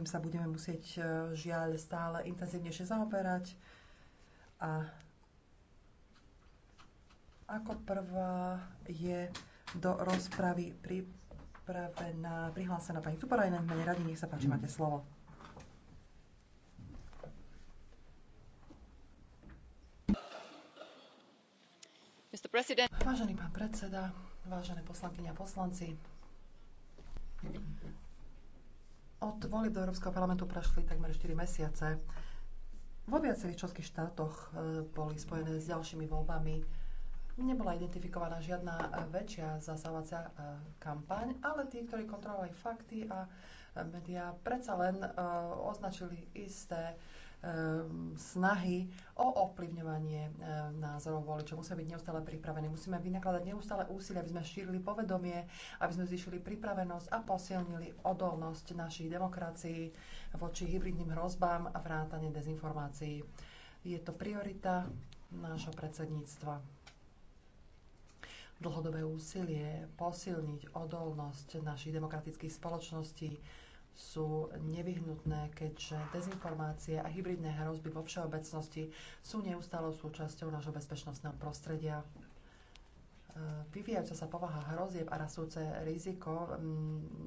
tým sa budeme musieť e, žiaľ stále intenzívnejšie zaoberať. A ako prvá je do rozpravy pripravená, prihlásená pani Tuporajna. Mene radi, nech sa páči, máte slovo. Vážený pán predseda, vážené poslankyne a poslanci, od volieb do Európskeho parlamentu prešli takmer 4 mesiace. Vo viacerých členských štátoch e, boli spojené s ďalšími voľbami. Nebola identifikovaná žiadna väčšia zasávacia e, kampaň, ale tí, ktorí kontrolovali fakty a e, médiá, predsa len označili isté Ehm, snahy o ovplyvňovanie ehm, názorov voličov. Musíme byť neustále pripravení, musíme vynakladať neustále úsilie, aby sme šírili povedomie, aby sme zvýšili pripravenosť a posilnili odolnosť našich demokracií voči hybridným hrozbám a vrátane dezinformácií. Je to priorita nášho predsedníctva. Dlhodobé úsilie posilniť odolnosť našich demokratických spoločností sú nevyhnutné, keďže dezinformácie a hybridné hrozby vo všeobecnosti sú neustálou súčasťou nášho bezpečnostného prostredia. E, vyvíjajúca sa povaha hrozieb a rastúce riziko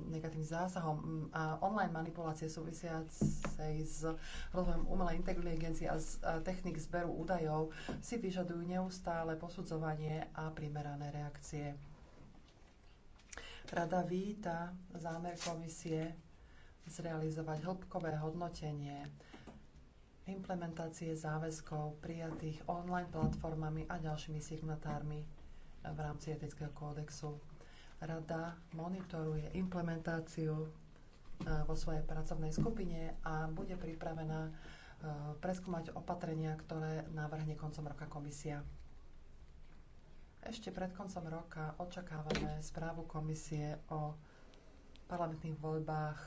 negatívnym zásahom a online manipulácie súvisiacej s rozvojom umelej inteligencie a technik zberu údajov si vyžadujú neustále posudzovanie a primerané reakcie. Rada víta zámer komisie zrealizovať hĺbkové hodnotenie implementácie záväzkov prijatých online platformami a ďalšími signatármi v rámci etického kódexu. Rada monitoruje implementáciu e, vo svojej pracovnej skupine a bude pripravená e, preskúmať opatrenia, ktoré navrhne koncom roka komisia. Ešte pred koncom roka očakávame správu komisie o parlamentných voľbách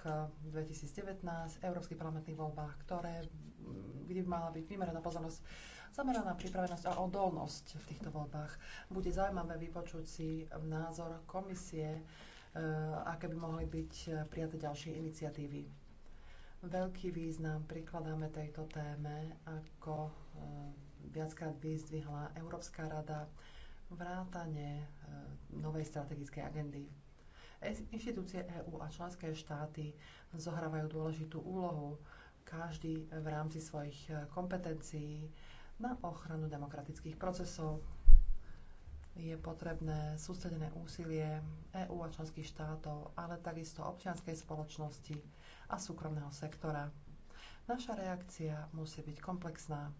2019, eh, európskych parlamentných voľbách, ktoré, kde by mala byť vymeraná pozornosť zameraná pripravenosť a odolnosť v týchto voľbách. Bude zaujímavé vypočuť si názor komisie, eh, aké by mohli byť eh, prijaté ďalšie iniciatívy. Veľký význam prikladáme tejto téme, ako viackrát vyzdvihla Európska rada vrátane novej strategickej agendy Inštitúcie EÚ a členské štáty zohrávajú dôležitú úlohu, každý v rámci svojich eh, kompetencií na ochranu demokratických procesov. Je potrebné sústredené úsilie EÚ a členských štátov, ale takisto občianskej spoločnosti a súkromného sektora. Naša reakcia musí byť komplexná,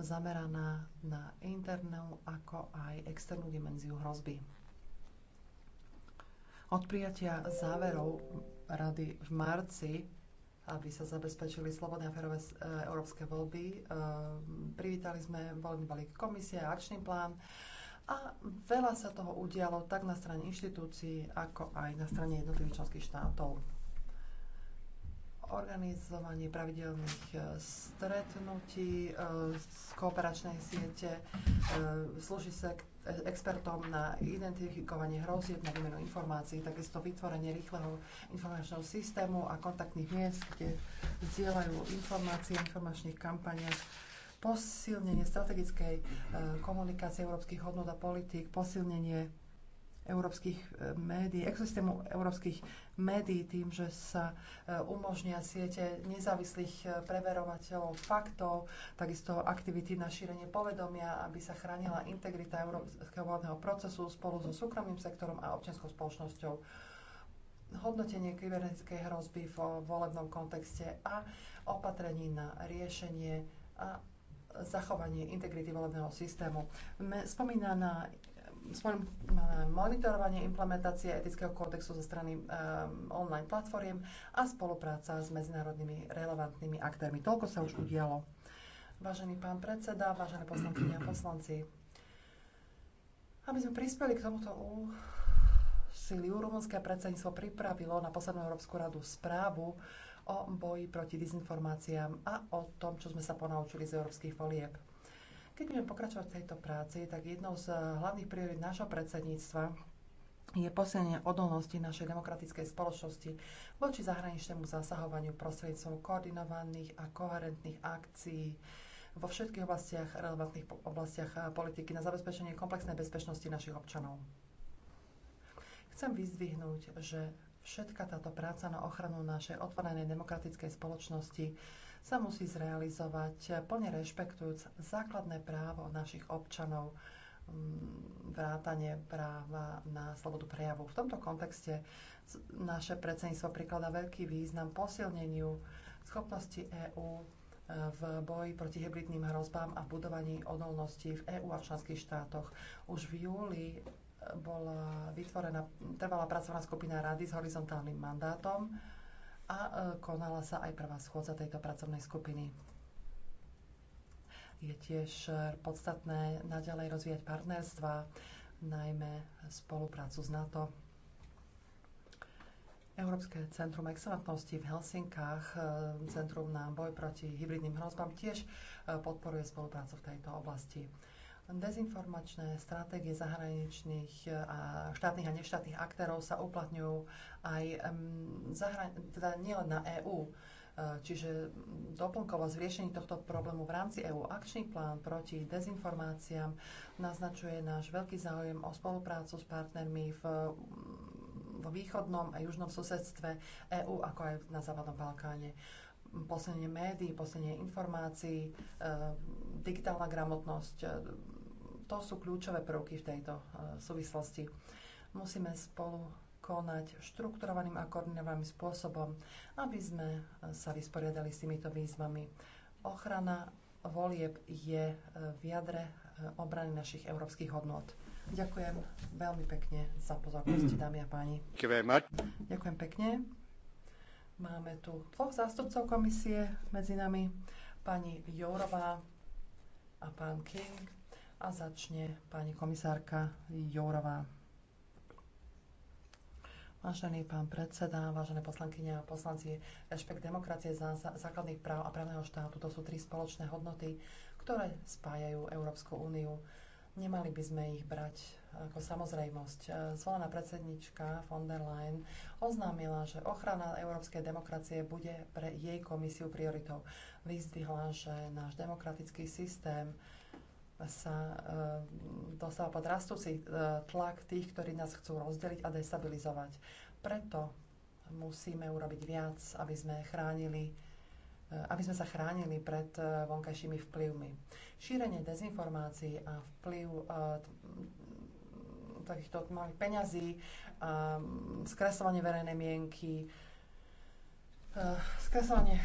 zameraná na internú ako aj externú dimenziu hrozby. Od prijatia záverov rady v marci aby sa zabezpečili slobodné a férové eh, európske voľby. Eh, privítali sme voľný balík komisie a akčný plán a veľa sa toho udialo tak na strane inštitúcií, ako aj na strane jednotlivých členských štátov organizovanie pravidelných e, stretnutí e, z kooperačnej siete, e, slúži sa expertom na identifikovanie hrozieb, na výmenu informácií, takisto vytvorenie rýchleho informačného systému a kontaktných miest, kde vzdielajú informácie o informačných kampaniach, posilnenie strategickej komunikácie európskych hodnot a politík, posilnenie európskych e, médií, ekosystému európskych médií tým, že sa e, umožnia siete nezávislých e, preverovateľov faktov, takisto aktivity na šírenie povedomia, aby sa chránila integrita európskeho vládneho procesu spolu so súkromným sektorom a občianskou spoločnosťou hodnotenie kybernetickej hrozby v volebnom kontexte a opatrení na riešenie a zachovanie integrity volebného systému. Spomínaná spomeniem monitorovanie implementácie etického kódexu zo strany um, online platformiem a spolupráca s medzinárodnými relevantnými aktérmi. Toľko sa už mhm. udialo. Vážený pán predseda, vážené poslanky a poslanci, aby sme prispeli k tomuto Siliu rumunské predsedníctvo pripravilo na poslednú Európsku radu správu o boji proti dezinformáciám a o tom, čo sme sa ponaučili z európskych volieb. Keď budeme pokračovať v tejto práci, tak jednou z eh, hlavných priorít nášho predsedníctva je posilnenie odolnosti našej demokratickej spoločnosti voči zahraničnému zasahovaniu prostredníctvom koordinovaných a koherentných akcií vo všetkých oblastiach, relevantných oblastiach eh, politiky na zabezpečenie komplexnej bezpečnosti našich občanov. Chcem vyzdvihnúť, že všetka táto práca na ochranu našej otvorenej demokratickej spoločnosti sa musí zrealizovať eh, plne rešpektujúc základné právo našich občanov mm, vrátanie práva na slobodu prejavu. V tomto kontexte naše predsedníctvo prikladá veľký význam posilneniu schopnosti EÚ eh, v boji proti hybridným hrozbám a v budovaní odolnosti v EÚ a v členských štátoch. Už v júli eh, bola vytvorená trvalá pracovná skupina Rady s horizontálnym mandátom a e, konala sa aj prvá schôdza tejto pracovnej skupiny. Je tiež e, podstatné naďalej rozvíjať partnerstva, najmä spoluprácu s NATO. Európske centrum excelentnosti v Helsinkách, e, Centrum na boj proti hybridným hrozbám, tiež podporuje spoluprácu v tejto oblasti. Dezinformačné stratégie zahraničných e, a štátnych a neštátnych aktérov sa uplatňujú aj zahra- teda nielen na EÚ. E, čiže doplnkovo zriešenie tohto problému v rámci EÚ. Akčný plán proti dezinformáciám naznačuje náš veľký záujem o spoluprácu s partnermi v v východnom a južnom susedstve EÚ, ako aj na západnom Balkáne posilnenie médií, posilnenie informácií, e, digitálna gramotnosť, to sú kľúčové prvky v tejto e, súvislosti. Musíme spolu konať štrukturovaným a koordinovaným spôsobom, aby sme e, sa vysporiadali s týmito výzvami. Ochrana volieb je e, v jadre obrany našich európskych hodnot. Ďakujem veľmi pekne za pozornosť, mm. dámy a páni. Ďakujem pekne. Máme tu dvoch zástupcov komisie medzi nami, pani Jourová a pán King a začne pani komisárka Jourová. Vážený pán predseda, vážené poslankyne a poslanci, rešpekt demokracie za základných práv a právneho štátu, to sú tri spoločné hodnoty, ktoré spájajú Európsku úniu. Nemali by sme ich brať eh, ako samozrejmosť. Eh, Zvolená predsednička von der Leyen oznámila, že ochrana európskej demokracie bude pre jej komisiu prioritou. Vyzdvihla, že náš demokratický systém sa eh, dostáva pod rastúci eh, tlak tých, ktorí nás chcú rozdeliť a destabilizovať. Preto musíme urobiť viac, aby sme chránili eh, aby sme sa chránili pred vonkajšími vplyvmi. Šírenie dezinformácií a vplyv takýchto malých peňazí, mm, skresovanie verejnej mienky, skresovanie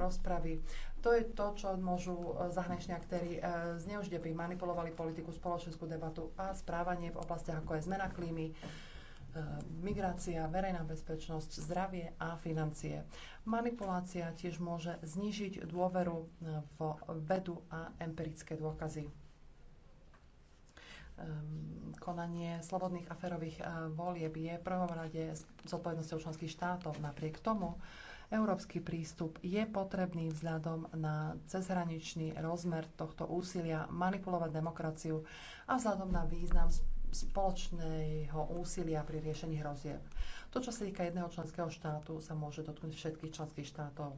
rozpravy. To je to, čo môžu e, zahraniční aktéry e, zneužiť, aby manipulovali politiku, spoločenskú debatu a správanie v oblastiach ako je zmena klímy, e, migrácia, verejná bezpečnosť, zdravie a financie. Manipulácia tiež môže znižiť dôveru v vedu a empirické dôkazy. Konanie slobodných aferových volieb je v prvom rade s odpovednosťou členských štátov. Napriek tomu Európsky prístup je potrebný vzhľadom na cezhraničný rozmer tohto úsilia manipulovať demokraciu a vzhľadom na význam spoločného úsilia pri riešení hrozieb. To, čo sa týka jedného členského štátu, sa môže dotknúť všetkých členských štátov.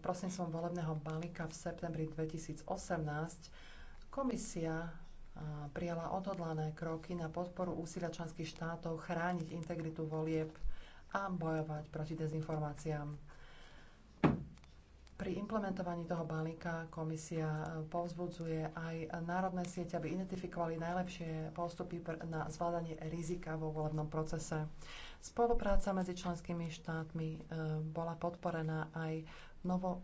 Prosím som volebného balíka v septembri 2018 komisia prijala odhodlané kroky na podporu úsilia členských štátov chrániť integritu volieb a bojovať proti dezinformáciám. Pri implementovaní toho balíka komisia eh, povzbudzuje aj národné siete, aby identifikovali najlepšie postupy na zvládanie rizika vo volebnom procese. Spolupráca medzi členskými štátmi eh, bola podporená aj novo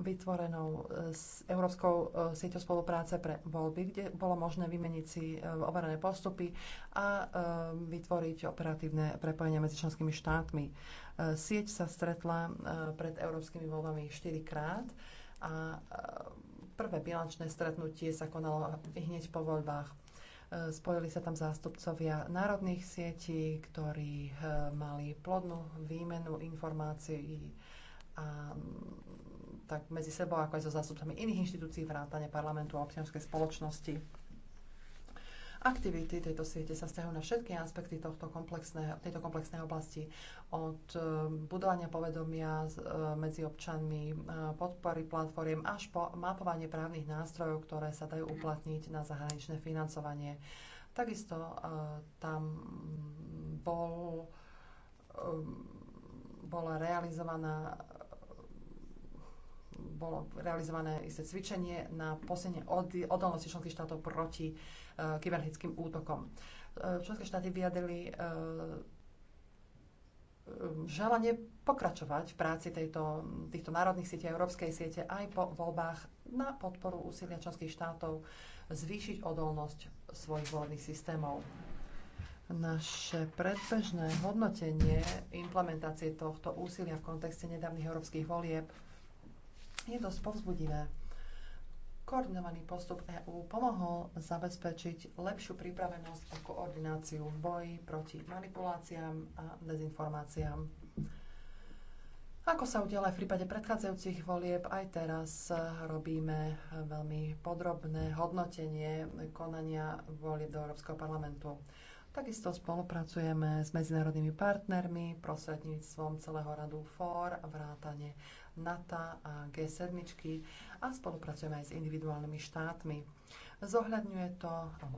vytvorenou e, s Európskou e, sieťou spolupráce pre voľby, kde bolo možné vymeniť si e, overené postupy a vytvoriť operatívne prepojenia medzi členskými štátmi. Sieť sa stretla pred európskymi voľbami 4 krát a prvé bilančné stretnutie sa konalo hneď po voľbách. Spojili sa tam zástupcovia národných sietí, ktorí mali plodnú výmenu informácií a tak medzi sebou, ako aj so zástupcami iných inštitúcií vrátane parlamentu a občianskej spoločnosti. Aktivity tejto siete sa stiahujú na všetky aspekty tohto komplexné, tejto komplexnej oblasti, od e, budovania povedomia e, medzi občanmi, e, podpory platformiem až po mapovanie právnych nástrojov, ktoré sa dajú uplatniť na zahraničné financovanie. Takisto tam bol, bola realizovaná bolo realizované isté cvičenie na posilnenie odolnosti členských štátov proti uh, kybernetickým útokom. Uh, členské štáty vyjadrili uh, želanie pokračovať v práci tejto, týchto národných sietí a európskej siete aj po voľbách na podporu úsilia členských štátov zvýšiť odolnosť svojich volebných systémov. Naše predbežné hodnotenie implementácie tohto úsilia v kontexte nedávnych európskych volieb je dosť povzbudivé. Koordinovaný postup EÚ pomohol zabezpečiť lepšiu pripravenosť a koordináciu v boji proti manipuláciám a dezinformáciám. Ako sa udiala aj v prípade predchádzajúcich volieb, aj teraz robíme veľmi podrobné hodnotenie konania volieb do Európskeho parlamentu. Takisto spolupracujeme s medzinárodnými partnermi prostredníctvom celého radu FOR, vrátane NATO a G7 a spolupracujeme aj s individuálnymi štátmi. Zohľadňuje to,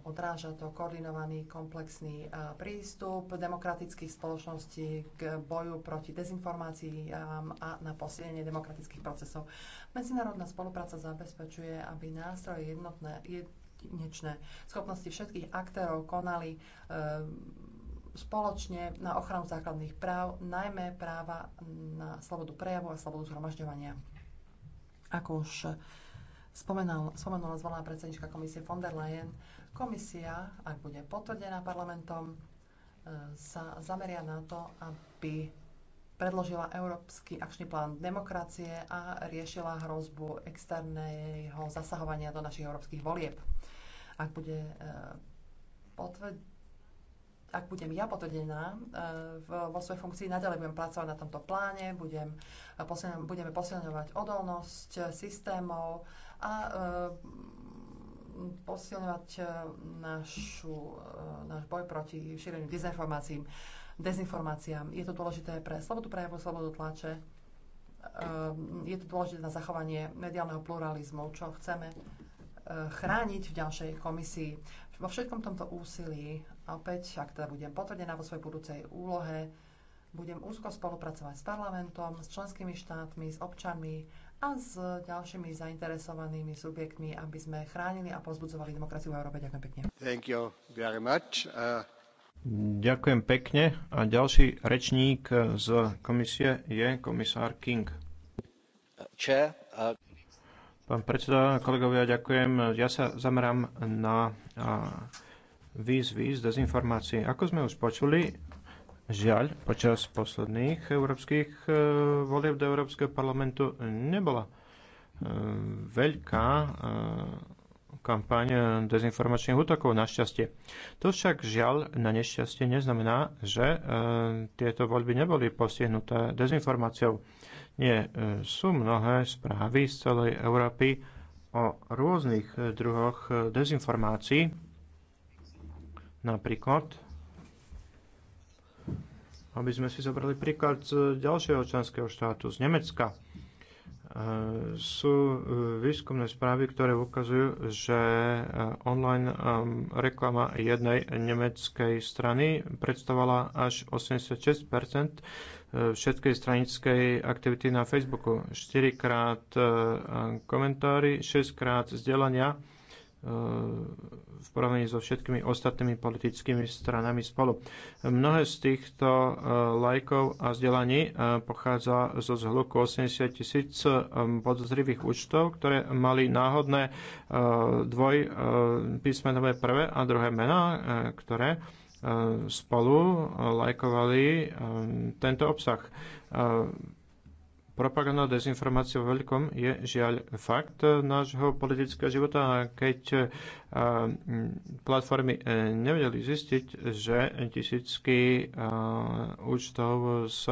odráža to koordinovaný komplexný prístup demokratických spoločností k boju proti dezinformáciám a na posilnenie demokratických procesov. Medzinárodná spolupráca zabezpečuje, aby nástroje jednotné, jedinečné schopnosti všetkých aktérov konali eh, spoločne na ochranu základných práv, najmä práva na slobodu prejavu a slobodu zhromažďovania. Ako už eh, spomenal, spomenula zvolená predsednička komisie von der Leyen, komisia, ak bude potvrdená parlamentom, eh, sa zameria na to, aby predložila Európsky akčný plán demokracie a riešila hrozbu externého zasahovania do našich európskych volieb. Ak bude eh, potvrdenie ak budem ja potvrdená eh, vo svojej funkcii, nadalej budem pracovať na tomto pláne, budem, eh, budeme posilňovať odolnosť systémov a posilňovať našu, náš boj proti šíreným dezinformáciám. dezinformáciám. Je to dôležité pre slobodu prejavu, slobodu tlače. Je to dôležité na zachovanie mediálneho pluralizmu, čo chceme chrániť v ďalšej komisii. Vo všetkom tomto úsilí, opäť, ak teda budem potvrdená vo svojej budúcej úlohe, budem úzko spolupracovať s parlamentom, s členskými štátmi, s občanmi a s ďalšími zainteresovanými subjektmi, aby sme chránili a pozbudzovali demokraciu v Európe. Ďakujem pekne. Thank you very much. Uh... Ďakujem pekne. A ďalší rečník z komisie je komisár King. Uh, chair, uh... Pán predseda, kolegovia, ďakujem. Ja sa zamerám na výzvy z dezinformácií. Ako sme už počuli, žiaľ, počas posledných európskych e, volieb do Európskeho parlamentu nebola e, veľká e, kampaň dezinformačných útokov, našťastie. To však žiaľ na nešťastie neznamená, že tieto voľby neboli postihnuté dezinformáciou. Nie, e, sú mnohé správy z celej Európy o rôznych e, druhoch e, dezinformácií. Napríklad, aby sme si zobrali príklad z ďalšieho členského štátu, z Nemecka sú e, výskumné správy, ktoré ukazujú, že e, online e, reklama jednej nemeckej strany predstavovala až 86 všetkej stranickej aktivity na Facebooku. 4 krát komentári, 6 krát zdieľania E, v porovnaní so všetkými ostatnými politickými stranami spolu. Mnohé z týchto e, lajkov a vzdelaní e, pochádza zo zhluku 80 tisíc podozrivých účtov, ktoré mali náhodné dvoj písmenové prvé a druhé mená, ktoré spolu lajkovali tento obsah Propaganda a dezinformácia vo veľkom je žiaľ fakt nášho politického života a keď e, platformy e, nevedeli zistiť, že tisícky e, účtov s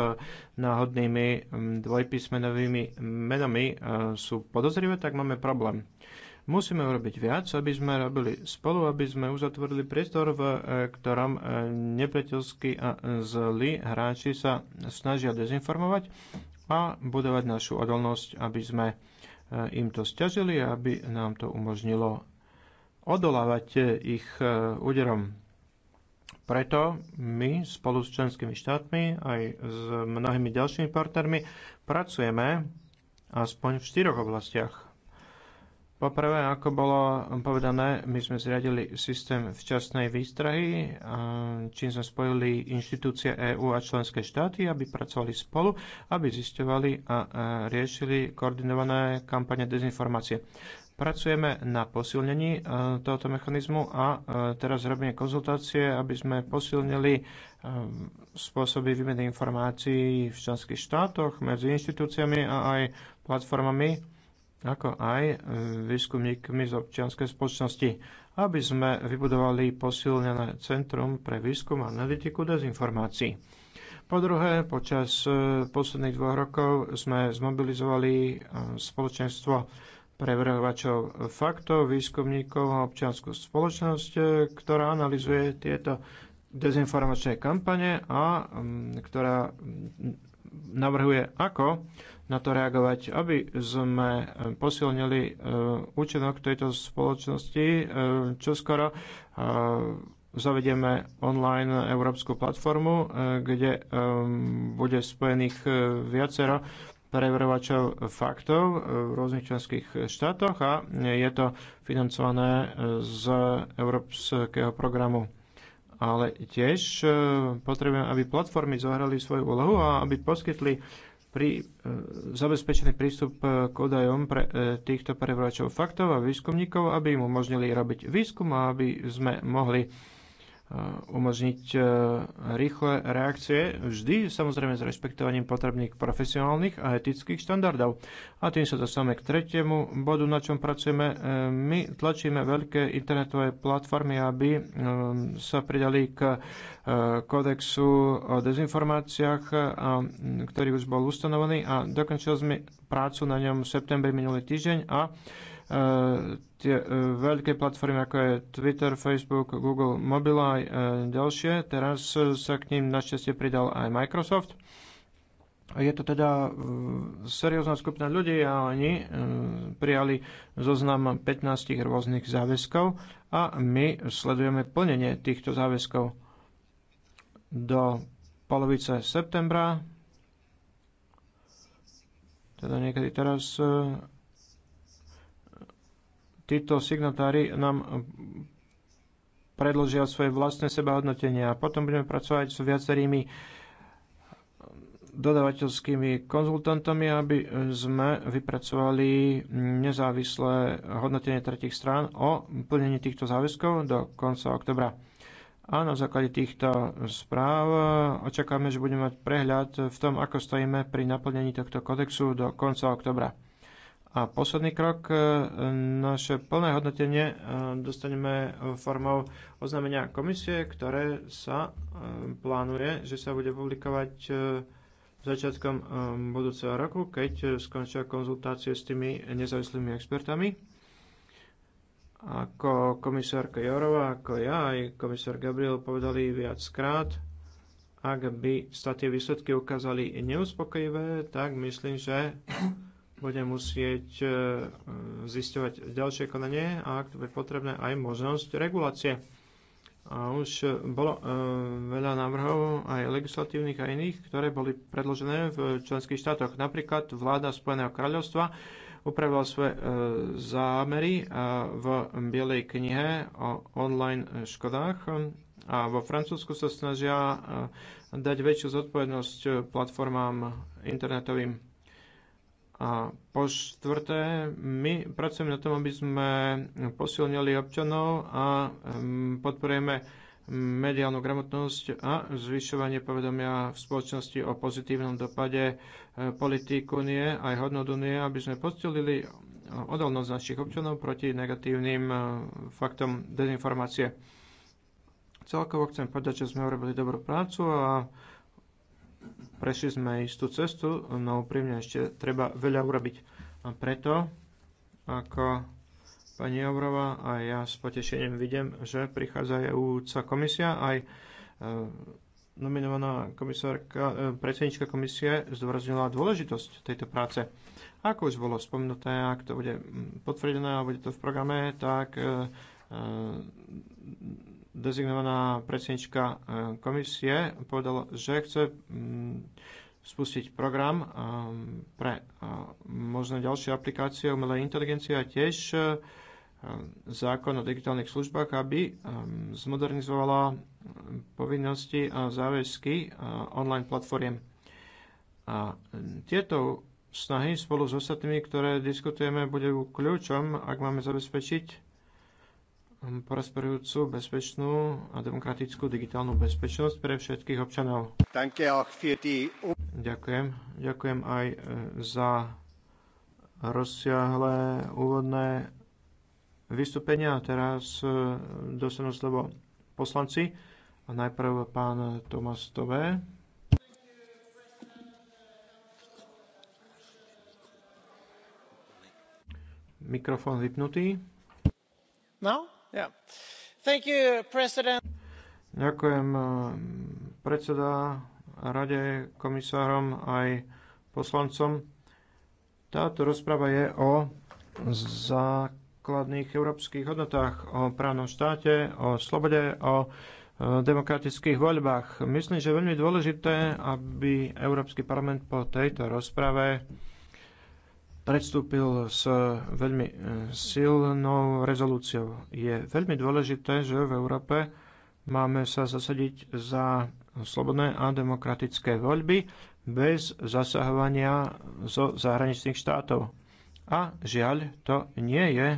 náhodnými dvojpísmenovými menami sú podozrivé, tak máme problém. Musíme urobiť viac, aby sme robili spolu, aby sme uzatvorili priestor, v ktorom nepriateľskí a zlí hráči sa snažia dezinformovať a budovať našu odolnosť, aby sme e, im to stiažili a aby nám to umožnilo odolávať e, ich e, úderom. Preto my spolu s členskými štátmi aj s mnohými ďalšími partnermi pracujeme aspoň v štyroch oblastiach. Poprvé, ako bolo povedané, my sme zriadili systém včasnej výstrahy, čím sme spojili inštitúcie EÚ a členské štáty, aby pracovali spolu, aby zisťovali a riešili koordinované kampane dezinformácie. Pracujeme na posilnení e, tohoto mechanizmu a e, teraz robíme konzultácie, aby sme posilnili e, spôsoby výmeny informácií v členských štátoch medzi inštitúciami a aj platformami ako aj výskumníkmi z občianskej spoločnosti, aby sme vybudovali posilnené centrum pre výskum a analytiku dezinformácií. Po druhé, počas e, posledných dvoch rokov sme zmobilizovali e, spoločenstvo prevrhovačov faktov, výskumníkov a občianskú spoločnosť, e, ktorá analizuje tieto dezinformačné kampane a ktorá navrhuje, ako na to reagovať, aby sme eh, posilnili eh, účinok tejto spoločnosti. Eh, čoskoro zavedieme online európsku platformu, kde bude spojených viacero preverovačov faktov v rôznych členských štátoch a je to financované z európskeho programu. Ale tiež potrebujem, aby platformy zohrali svoju úlohu a aby poskytli pri, e, zabezpečený prístup k údajom pre e, týchto prevračov faktov a výskumníkov, aby im umožnili robiť výskum a aby sme mohli Eh, umožniť eh, rýchle reakcie, vždy samozrejme s rešpektovaním potrebných profesionálnych a etických štandardov. A tým sa dostávame k tretiemu bodu, na čom pracujeme. Eh, my tlačíme veľké internetové platformy, aby sa pridali k kódexu o dezinformáciách, ktorý už bol ustanovený a dokončili sme prácu na ňom v septembri minulý týždeň a tie e, veľké platformy ako je Twitter, Facebook, Google, Mobile a e, ďalšie. Teraz e, sa k ním našťastie pridal aj Microsoft. Je to teda seriózna skupina ľudí a oni prijali zoznam 15 rôznych záväzkov a my sledujeme plnenie týchto záväzkov do polovice septembra, teda niekedy teraz títo signatári nám eh, predložia svoje vlastné sebahodnotenie a potom budeme pracovať s viacerými eh, dodavateľskými konzultantami, aby eh, sme vypracovali nezávislé hodnotenie tretich strán o plnení týchto záväzkov do konca oktobra. A na základe týchto správ očakáme, že budeme mať prehľad v tom, ako stojíme pri naplnení tohto kodexu do konca oktobra. A posledný krok, e, naše plné hodnotenie e, dostaneme formou oznámenia komisie, ktoré sa e, plánuje, že sa bude publikovať začiatkom budúceho roku, keď skončia konzultácie s tými nezávislými expertami. Ako komisárka Jorová, ako ja, aj komisár Gabriel povedali viackrát, ak by sa tie výsledky ukázali neuspokojivé, tak myslím, že bude musieť e, zisťovať ďalšie konanie a ak to bude potrebné aj možnosť regulácie. A už bolo e, veľa návrhov aj legislatívnych a iných, ktoré boli predložené v členských štátoch. Napríklad vláda Spojeného kráľovstva upravila svoje e, zámery e, v Bielej knihe o online škodách a vo Francúzsku sa snažia e, dať väčšiu zodpovednosť platformám internetovým. A po štvrté, my pracujeme na tom, aby sme posilnili občanov a podporujeme mediálnu gramotnosť a zvyšovanie povedomia v spoločnosti o pozitívnom dopade e, politík Unie aj hodnot Unie, aby sme posilili odolnosť našich občanov proti negatívnym e, faktom dezinformácie. Celkovo chcem povedať, že sme urobili dobrú prácu a Prešli sme istú cestu, no úprimne ešte treba veľa urobiť. A preto, ako pani Obrova a ja s potešením vidím, že prichádza EUca komisia aj e, nominovaná komisárka, e, predsednička komisie zdôraznila dôležitosť tejto práce. Ako už bolo spomenuté, ak to bude potvrdené a bude to v programe, tak e, dezignovaná predsednička e, komisie povedala, že chce mm, spustiť program e, pre e, možno ďalšie aplikácie umelej inteligencie a tiež zákon o digitálnych službách, aby zmodernizovala povinnosti a záväzky online platformiem. A tieto snahy spolu s ostatnými, ktoré diskutujeme, budú kľúčom, ak máme zabezpečiť prosperujúcu, bezpečnú a demokratickú digitálnu bezpečnosť pre všetkých občanov. Ďakujem. Ďakujem aj e, za rozsiahlé úvodné vystúpenia. Teraz e, dostanú slovo poslanci. A najprv pán Tomas Tové. Mikrofón vypnutý. No? Ďakujem eh, predseda rade, komisárom aj poslancom. Táto rozprava je o základných európskych hodnotách, o právnom štáte, o slobode, o eh, demokratických voľbách. Myslím, že je veľmi dôležité, aby Európsky parlament po tejto rozprave predstúpil s veľmi e, silnou rezolúciou. Je veľmi dôležité, že v Európe máme sa zasadiť za slobodné a demokratické voľby bez zasahovania zo zahraničných štátov. A žiaľ, to nie je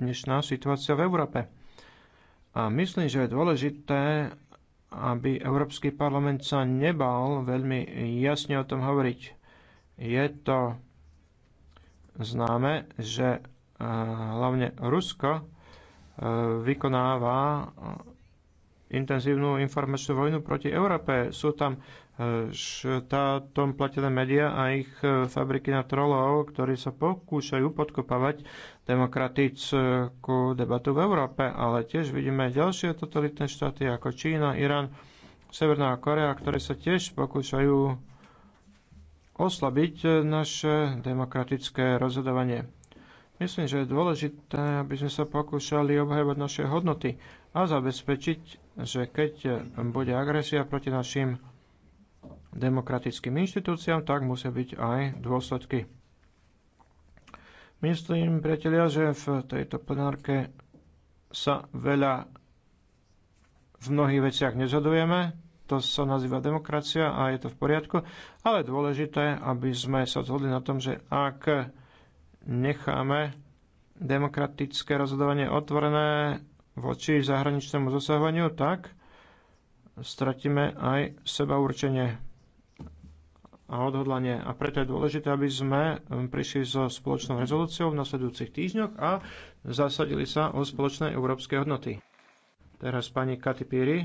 dnešná situácia v Európe. A myslím, že je dôležité, aby Európsky parlament sa nebal veľmi jasne o tom hovoriť. Je to známe, že e, hlavne Rusko e, vykonáva e, intenzívnu informačnú vojnu proti Európe. Sú tam štátom platené médiá a ich fabriky na trolov, ktorí sa pokúšajú podkopávať demokratickú debatu v Európe, ale tiež vidíme ďalšie totalitné štáty ako Čína, Irán, Severná Korea, ktoré sa tiež pokúšajú oslabiť eh, naše demokratické rozhodovanie. Myslím, že je dôležité, aby sme sa pokúšali obhajovať naše hodnoty a zabezpečiť, že keď eh, bude agresia proti našim demokratickým inštitúciám, tak musia byť aj dôsledky. Myslím, priatelia, že v tejto plenárke sa veľa v mnohých veciach nezhodujeme to sa nazýva demokracia a je to v poriadku, ale dôležité, aby sme sa zhodli na tom, že ak necháme demokratické rozhodovanie otvorené voči zahraničnému zasahovaniu, tak stratíme aj seba určenie a odhodlanie. A preto je dôležité, aby sme um, prišli so spoločnou rezolúciou v nasledujúcich týždňoch a zasadili sa o spoločné európske hodnoty. Teraz pani Katy Píry.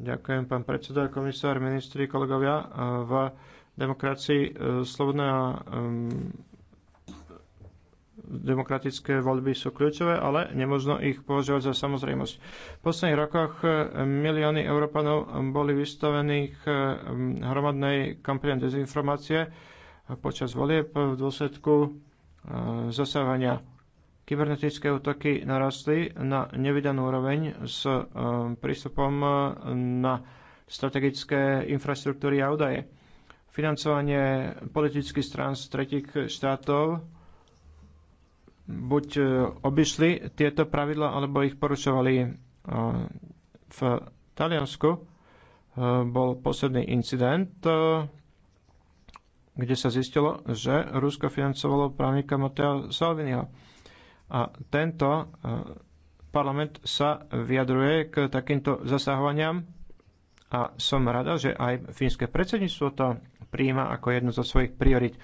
Ďakujem, pán predseda, komisár, ministri, kolegovia. V demokracii e, slobodné a demokratické voľby sú kľúčové, ale nemožno ich považovať za samozrejmosť. V posledných rokoch e, milióny Európanov boli vystavení e, hromadnej kampane dezinformácie počas volieb v dôsledku zasávania Kybernetické útoky narastli na nevydanú úroveň s eh, prístupom eh, na strategické infraštruktúry a údaje. Financovanie politických strán z tretich štátov buď eh, obišli tieto pravidla, alebo ich porušovali. V Taliansku bol posledný incident, kde sa zistilo, že Rusko financovalo právnika Matea Salviniho a tento e, parlament sa vyjadruje k takýmto zasahovaniam a som rada, že aj fínske predsedníctvo to prijíma ako jednu zo svojich priorit.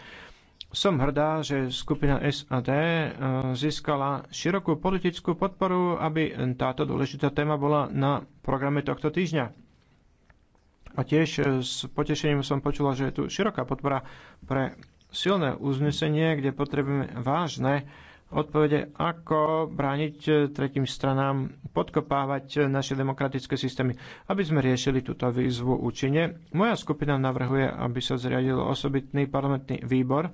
Som hrdá, že skupina SAD e, získala širokú politickú podporu, aby táto dôležitá téma bola na programe tohto týždňa. A tiež e, s potešením som počula, že je tu široká podpora pre silné uznesenie, kde potrebujeme vážne odpovede, ako brániť e, tretím stranám podkopávať e, naše demokratické systémy, aby sme riešili túto výzvu účinne. Moja skupina navrhuje, aby sa zriadil osobitný parlamentný výbor,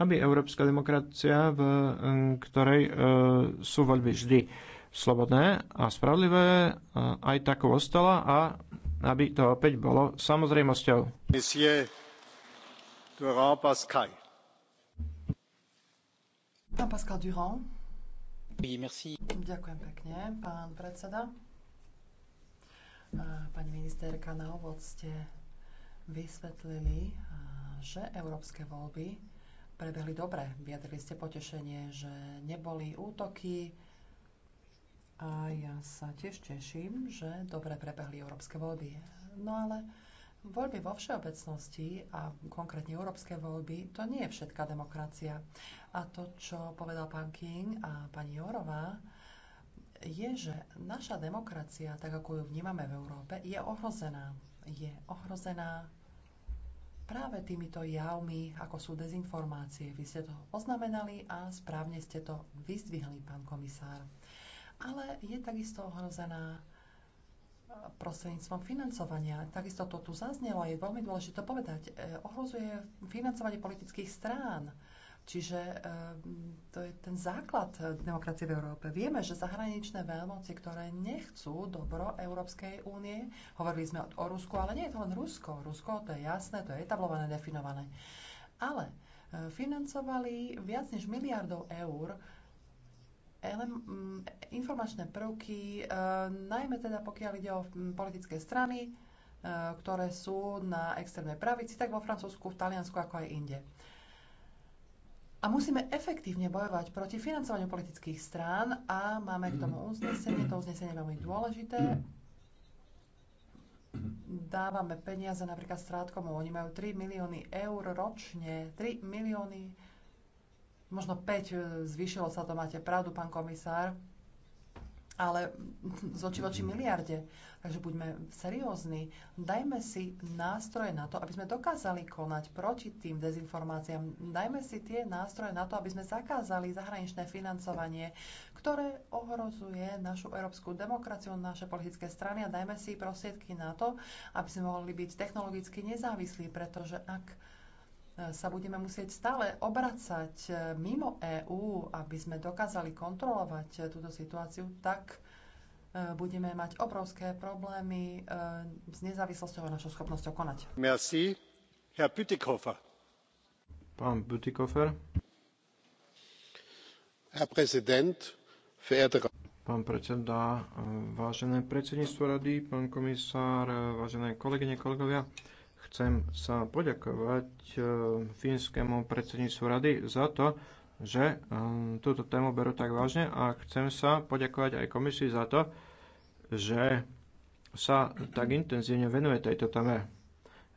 aby európska demokracia, v e, ktorej sú voľby vždy slobodné a spravlivé, aj tak ostala a aby to opäť bolo samozrejmosťou. Monsieur Durand Pascal. Pán Pascal Durand. Oui, merci. Ďakujem pekne, pán predseda. Pani ministerka, na ovod ste vysvetlili, že európske voľby prebehli dobre. Vyjadrili ste potešenie, že neboli útoky. A ja sa tiež teším, že dobre prebehli európske voľby. No ale Voľby vo všeobecnosti a konkrétne európske voľby, to nie je všetká demokracia. A to, čo povedal pán King a pani Jorová, je, že naša demokracia, tak ako ju vnímame v Európe, je ohrozená. Je ohrozená práve týmito javmi, ako sú dezinformácie. Vy ste to oznamenali a správne ste to vyzdvihli, pán komisár. Ale je takisto ohrozená prostredníctvom financovania. Takisto to tu zaznelo, je veľmi dôležité povedať. E, ohrozuje financovanie politických strán. Čiže e, to je ten základ demokracie v Európe. Vieme, že zahraničné veľmoci, ktoré nechcú dobro Európskej únie, hovorili sme o Rusku, ale nie je to len Rusko. Rusko to je jasné, to je etablované, definované. Ale e, financovali viac než miliardov eur informačné prvky, e, najmä teda pokiaľ ide o politické strany, e, ktoré sú na extrémnej pravici, tak vo Francúzsku, v Taliansku, ako aj inde. A musíme efektívne bojovať proti financovaniu politických strán a máme k tomu uznesenie, to uznesenie je veľmi dôležité. Dávame peniaze napríklad strátkomu, oni majú 3 milióny eur ročne, 3 milióny možno 5, e, zvýšilo sa to, máte pravdu, pán komisár, ale z oči voči miliarde. Takže buďme seriózni, dajme si nástroje na to, aby sme dokázali konať proti tým dezinformáciám. Dajme si tie nástroje na to, aby sme zakázali zahraničné financovanie, ktoré ohrozuje našu európsku demokraciu, naše politické strany a dajme si prostriedky na to, aby sme mohli byť technologicky nezávislí, pretože ak sa budeme musieť stále obracať eh, mimo EÚ, aby sme dokázali kontrolovať eh, túto situáciu, tak eh, budeme mať obrovské problémy s nezávislosťou a našou schopnosťou konať. Merci. Herr Bütikofer. Pán Bütikofer. Herr Präsident, verehrte Pán predseda, vážené predsedníctvo rady, pán komisár, vážené kolegyne, kolegovia. Chcem sa poďakovať e, fínskemu predsedníctvu rady za to, že e, túto tému berú tak vážne a chcem sa poďakovať aj komisii za to, že sa tak intenzívne venuje tejto téme.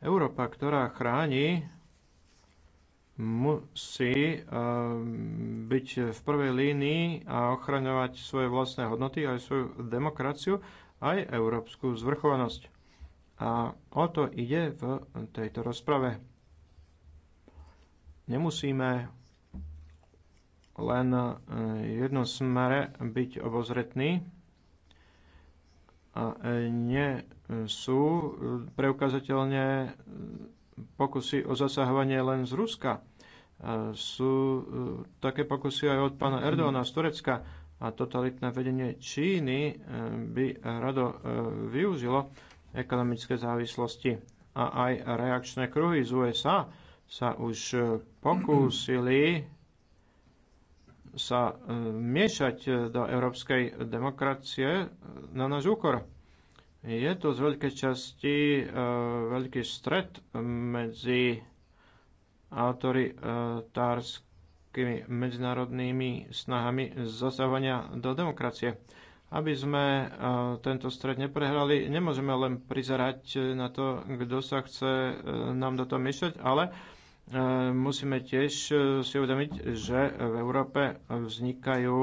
Európa, ktorá chráni, musí e, byť v prvej línii a ochraňovať svoje vlastné hodnoty, aj svoju demokraciu, aj európsku zvrchovanosť. A o to ide v tejto rozprave. Nemusíme len e, jednom smere byť obozretní a e, nie sú preukazateľne pokusy o zasahovanie len z Ruska. E, sú také pokusy aj od pána Erdogana z Turecka a totalitné vedenie Číny by rado využilo ekonomické závislosti. A aj reakčné kruhy z USA sa už e, pokúsili sa e, miešať e, do európskej demokracie na náš úkor. Je to z veľkej časti veľký stret medzi autoritárskymi medzinárodnými snahami zasahovania do demokracie aby sme e, tento stred neprehrali. Nemôžeme len prizerať e, na to, kto sa chce e, nám do toho miešať, ale musíme tiež si uvedomiť, že v Európe vznikajú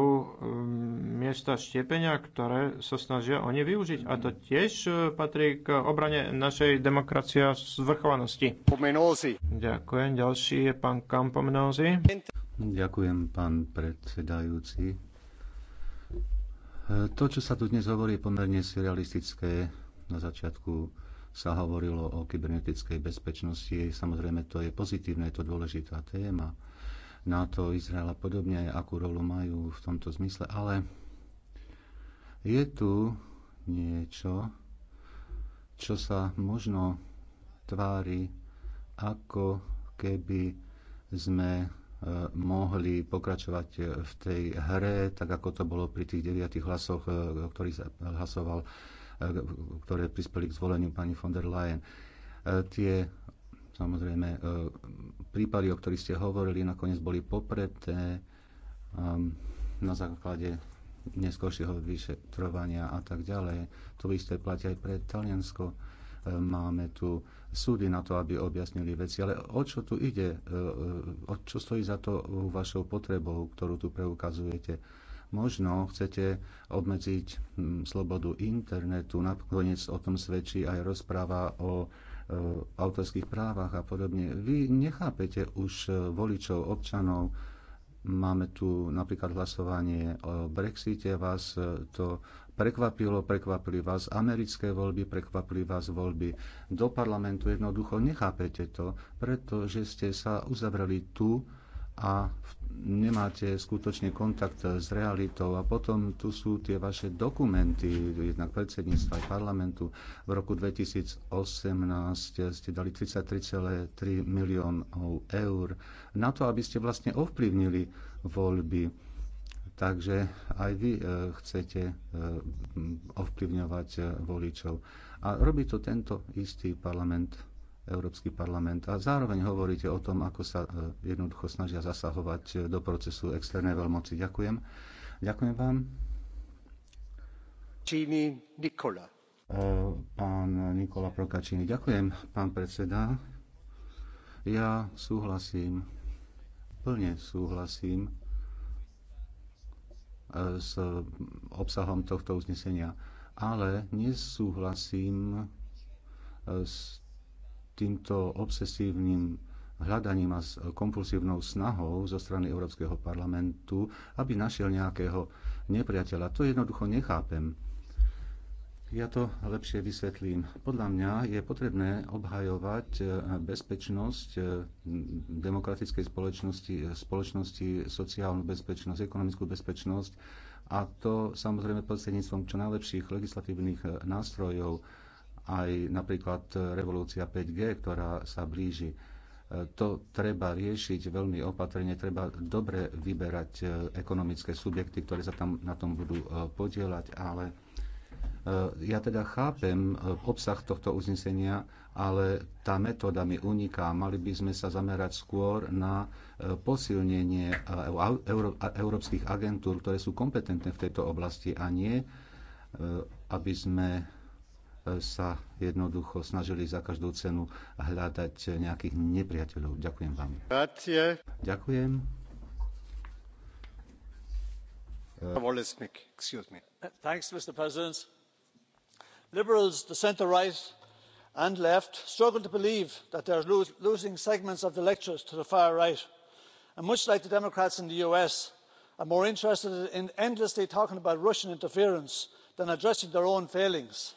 miesta štiepenia, ktoré sa snažia oni využiť. A to tiež patrí k obrane našej demokracie a zvrchovanosti. Pomenózy. Ďakujem. Ďalší je pán Kampomenózy. Ďakujem, pán predsedajúci to, čo sa tu dnes hovorí, je pomerne surrealistické. Na začiatku sa hovorilo o kybernetickej bezpečnosti. Samozrejme, to je pozitívne, je to dôležitá téma. to Izrael a podobne, akú rolu majú v tomto zmysle. Ale je tu niečo, čo sa možno tvári, ako keby sme mohli pokračovať v tej hre, tak ako to bolo pri tých deviatých hlasoch, e, ktorý hlasoval, e, ktoré prispeli k zvoleniu pani von der Leyen. E, tie samozrejme prípady, o ktorých ste hovorili, nakoniec boli popreté na základe neskôršieho vyšetrovania a tak ďalej. To isté platí aj pre Taliansko máme tu súdy na to, aby objasnili veci. Ale o čo tu ide? E, e, o čo stojí za to vašou potrebou, ktorú tu preukazujete? Možno chcete obmedziť hm, slobodu internetu, nakoniec o tom svedčí aj rozpráva o e, autorských právach a podobne. Vy nechápete už voličov, občanov, Máme tu napríklad hlasovanie o Brexite. Vás to prekvapilo, prekvapili vás americké voľby, prekvapili vás voľby do parlamentu. Jednoducho nechápete to, pretože ste sa uzavreli tu a nemáte skutočne kontakt s realitou. A potom tu sú tie vaše dokumenty, jednak predsedníctva aj parlamentu. V roku 2018 ste dali 33,3 miliónov eur na to, aby ste vlastne ovplyvnili voľby. Takže aj vy e, chcete e, ovplyvňovať e, voličov. A robí to tento istý parlament Európsky parlament a zároveň hovoríte o tom, ako sa e, jednoducho snažia zasahovať e, do procesu externej veľmoci. Ďakujem. Ďakujem vám. Číny Nikola. E, pán Nikola Prokačíny. Ďakujem, pán predseda. Ja súhlasím, plne súhlasím s obsahom tohto uznesenia, ale nesúhlasím s týmto obsesívnym hľadaním a s kompulsívnou snahou zo strany Európskeho parlamentu, aby našiel nejakého nepriateľa. To jednoducho nechápem. Ja to lepšie vysvetlím. Podľa mňa je potrebné obhajovať eh, bezpečnosť eh, demokratickej spoločnosti, eh, spoločnosti sociálnu bezpečnosť, ekonomickú bezpečnosť a to samozrejme prostredníctvom čo najlepších legislatívnych nástrojov, aj napríklad revolúcia 5G, ktorá sa blíži. E, to treba riešiť veľmi opatrne, treba dobre vyberať e, ekonomické subjekty, ktoré sa tam na tom budú e, podielať, ale ja teda chápem obsah tohto uznesenia, ale tá metóda mi uniká. Mali by sme sa zamerať skôr na posilnenie európskych agentúr, ktoré sú kompetentné v tejto oblasti a nie, aby sme sa jednoducho snažili za každú cenu hľadať nejakých nepriateľov. Ďakujem vám. Grazie. Ďakujem. Uh, excuse me. Thanks, Mr. President. Liberals, the centre right and left struggle to believe that they're lo- losing segments of the lectures to the far right. And much like the Democrats in the US, are more interested in endlessly talking about Russian interference than addressing their own failings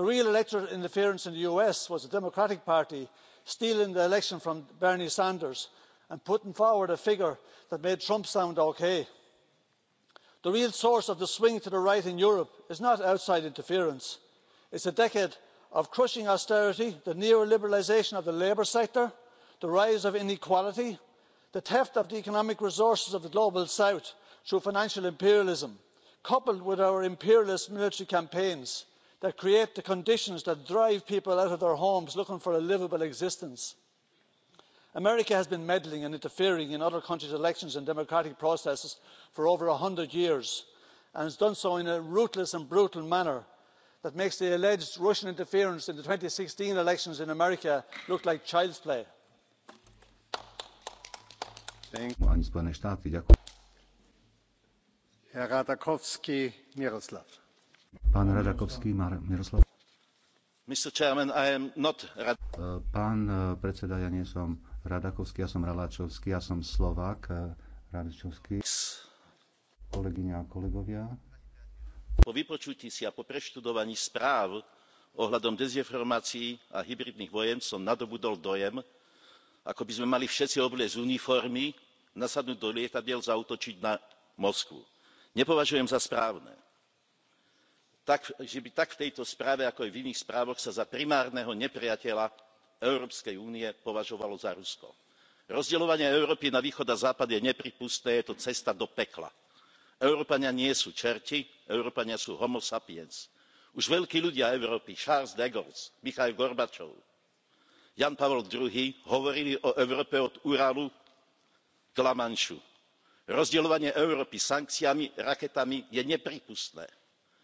the real electoral interference in the us was the democratic party stealing the election from bernie sanders and putting forward a figure that made trump sound okay. the real source of the swing to the right in europe is not outside interference it's a decade of crushing austerity the neo liberalisation of the labour sector the rise of inequality the theft of the economic resources of the global south through financial imperialism coupled with our imperialist military campaigns that create the conditions that drive people out of their homes looking for a livable existence. america has been meddling and interfering in other countries' elections and democratic processes for over a hundred years and has done so in a ruthless and brutal manner that makes the alleged russian interference in the two thousand and sixteen elections in america look like child's play. Pán Radakovský, Miroslav. Chairman, not... E, pán e, predseda, ja nie som Radakovský, ja som Ralačovský, ja som Slovák, e, Radačovský. Kolegyňa a kolegovia. Po vypočutí si a po preštudovaní správ ohľadom dezinformácií a hybridných vojen som nadobudol dojem, ako by sme mali všetci z uniformy, nasadnúť do lietadiel, zaútočiť na Moskvu. Nepovažujem za správne že by tak v tejto správe ako aj v iných správach sa za primárneho nepriateľa európskej únie považovalo za rusko. rozdeľovanie európy na východ a západ je neprípustné je to cesta do pekla. európania nie sú čerti európania sú homo sapiens. už veľkí ľudia európy charles de gaulle michail gorbačov ján pavol ii hovorili o európe od uralu k lamanšu. rozdeľovanie európy sankciami raketami je neprípustné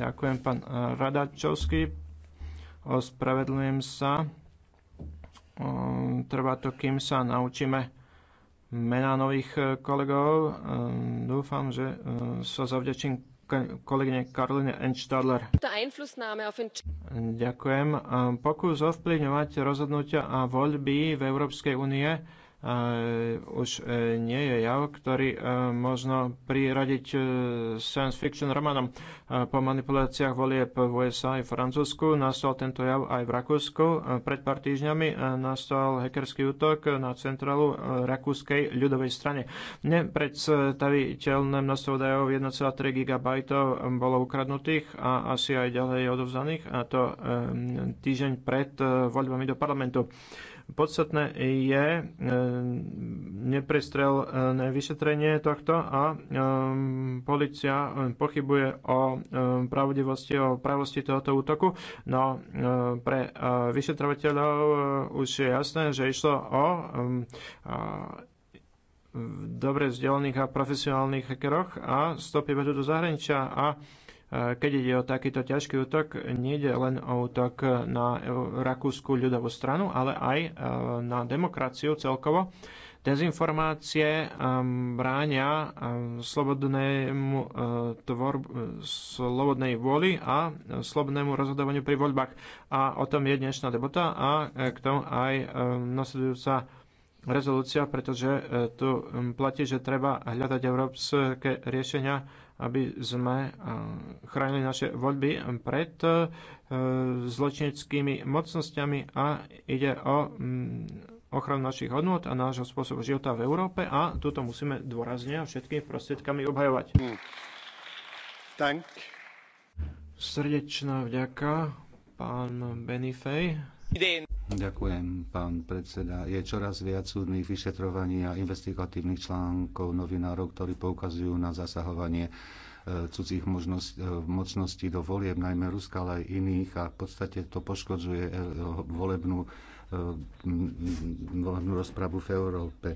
Ďakujem, pán eh, Radačovský. Ospravedlňujem sa. Eh, trvá to, kým sa naučíme mená nových eh, kolegov. Dúfam, že sa zavďačím kolegyne Karoline Enstadler. Ďakujem. Pokus ovplyvňovať rozhodnutia a voľby v Európskej únie E, už e, nie je jav, ktorý e, možno priradiť science fiction romanom. Po manipuláciách volieb v USA aj v Francúzsku nastal tento jav aj v Rakúsku. Pred pár týždňami nastal hackerský útok na centrálu Rakúskej ľudovej strane. Nepredstaviteľné množstvo údajov 1,3 GB bolo ukradnutých a asi aj ďalej odovzdaných a to týždeň pred voľbami do parlamentu. Podstatné je e, neprestrelné e, vyšetrenie tohto a e, policia pochybuje o pravdivosti, o pravosti tohoto útoku, no pre vyšetrovateľov už je jasné, že išlo o dobre vzdelaných a profesionálnych hackeroch a stopy vedú do zahraničia a Eh, keď ide o takýto ťažký útok, nejde len o útok na rakúsku ľudovú stranu, ale aj eh, na demokraciu celkovo. Dezinformácie ehm, bránia ehm, slobodnému eh, tvorbu slobodnej vôli a slobodnému rozhodovaniu pri voľbách. A o tom je dnešná debata a k tomu aj nasledujúca rezolúcia, pretože tu hm, platí, že treba hľadať európske riešenia aby sme eh, chránili naše voľby pred eh, zločineckými mocnosťami a ide o mm, ochranu našich hodnot a nášho spôsobu života v Európe a túto musíme dôrazne a všetkými prostriedkami obhajovať. Dank. Srdečná vďaka, pán Benifej. Ďakujem, pán predseda. Je čoraz viac súdnych vyšetrovaní a investigatívnych článkov novinárov, ktorí poukazujú na zasahovanie e, cudzích možnosť, e, mocností do volieb, najmä Ruska, ale aj iných a v podstate to poškodzuje e, volebnú, volebnú rozpravu v Európe.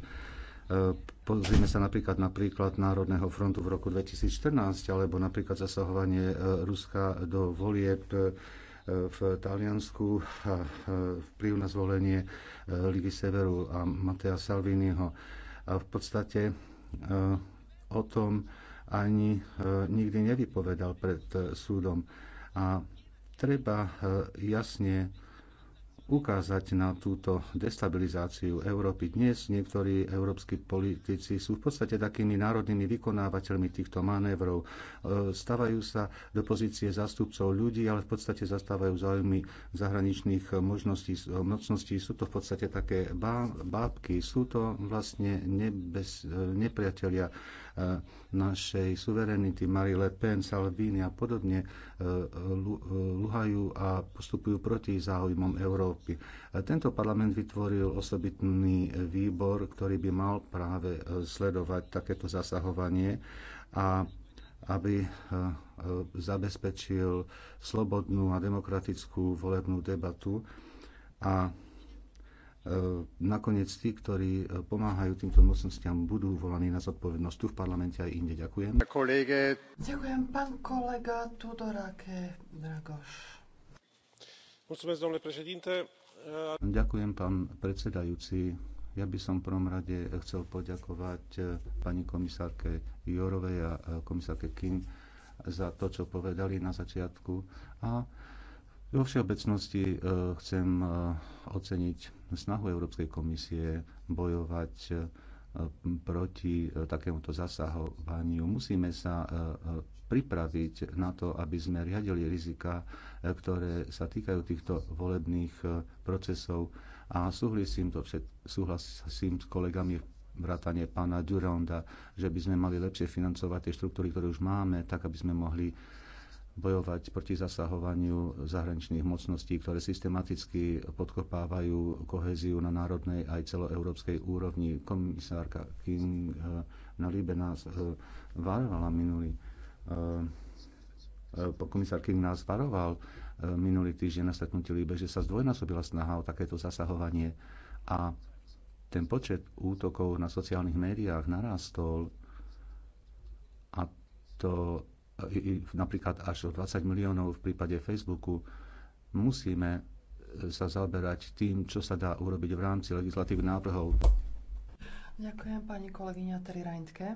Pozrime sa napríklad na príklad Národného frontu v roku 2014 alebo napríklad zasahovanie Ruska do volieb v Taliansku vplyv na zvolenie e, Ligy Severu a Matea Salviniho. A v podstate e, o tom ani e, nikdy nevypovedal pred súdom. A treba jasne ukázať na túto destabilizáciu Európy. Dnes niektorí európsky politici sú v podstate takými národnými vykonávateľmi týchto manévrov. E, Stavajú sa do pozície zástupcov ľudí, ale v podstate zastávajú záujmy zahraničných možností, mocností. Sú to v podstate také bábky, sú to vlastne nebez, nepriatelia e, našej suverenity, Marie Le Pen, Salvini a podobne, e, rúhajú a postupujú proti záujmom Európy. Tento parlament vytvoril osobitný výbor, ktorý by mal práve e, sledovať takéto zasahovanie a aby e, e, zabezpečil slobodnú a demokratickú volebnú debatu a E, nakoniec tí, ktorí e, pomáhajú týmto mocnostiam, budú volaní na zodpovednosť tu v parlamente aj inde. Ďakujem. Kolege. Ďakujem, pán kolega Tudorake Dragoš. E, ďakujem, pán predsedajúci. Ja by som v prvom rade chcel poďakovať pani komisárke Jorovej a komisárke Kim za to, čo povedali na začiatku. A vo všeobecnosti e, chcem e, oceniť snahu Európskej komisie bojovať e, proti takémuto zasahovaniu. Musíme sa pripraviť na to, aby sme riadili rizika, ktoré sa týkajú týchto volebných procesov. A súhlasím, to všet, súhlasím s kolegami vrátane pána Duranda, že by sme mali lepšie financovať tie štruktúry, ktoré už máme, tak aby sme mohli bojovať proti zasahovaniu zahraničných mocností, ktoré systematicky podkopávajú kohéziu na národnej aj celoeurópskej úrovni. Komisárka King eh, na Líbe nás eh, varovala minulý eh, komisár King nás varoval minulý týždeň na stretnutí Líbe, že sa zdvojnásobila snaha o takéto zasahovanie a ten počet útokov na sociálnych médiách narastol a to napríklad až o 20 miliónov v prípade Facebooku, musíme e, sa zaoberať tým, čo sa dá urobiť v rámci legislatívnych návrhov. Ďakujem pani kolegyňa Terry Reintke.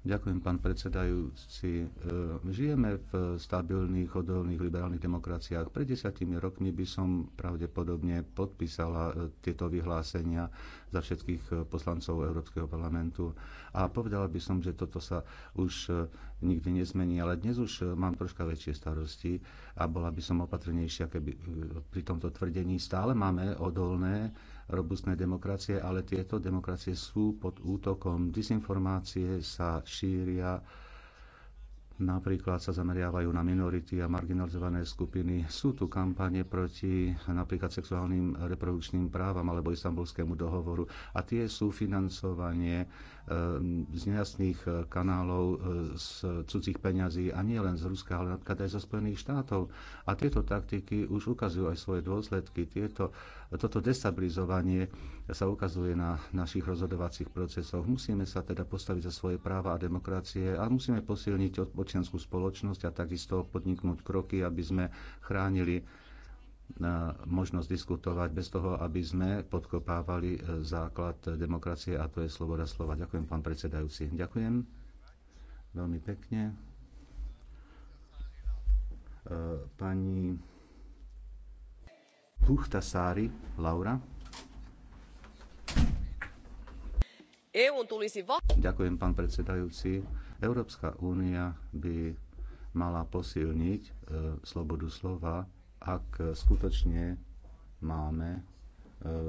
Ďakujem, pán predsedajúci. E, žijeme v stabilných, odolných, liberálnych demokraciách. Pred desiatimi rokmi by som pravdepodobne podpísala e, tieto vyhlásenia za všetkých e, poslancov Európskeho parlamentu a povedala by som, že toto sa už nikdy nezmení, ale dnes už mám troška väčšie starosti a bola by som opatrnejšia, keby pri tomto tvrdení stále máme odolné robustné demokracie, ale tieto demokracie sú pod útokom. Disinformácie sa šíria, napríklad sa zameriavajú na minority a marginalizované skupiny. Sú tu kampane proti napríklad sexuálnym reprodukčným právam alebo istambulskému dohovoru a tie sú financovanie Eh, z nejasných eh, kanálov, eh, z cudzích peňazí a nie len z Ruska, ale napríklad aj zo Spojených štátov. A tieto taktiky už ukazujú aj svoje dôsledky. Tieto, toto destabilizovanie sa ukazuje na našich rozhodovacích procesoch. Musíme sa teda postaviť za svoje práva a demokracie a musíme posilniť občianskú spoločnosť a takisto podniknúť kroky, aby sme chránili možnosť diskutovať bez toho, aby sme podkopávali e, základ demokracie a to je sloboda slova. Ďakujem, pán predsedajúci. Ďakujem veľmi pekne. E, pani Sári, Laura. E um Ďakujem, pán predsedajúci. Európska únia by mala posilniť slobodu slova ak skutočne máme e,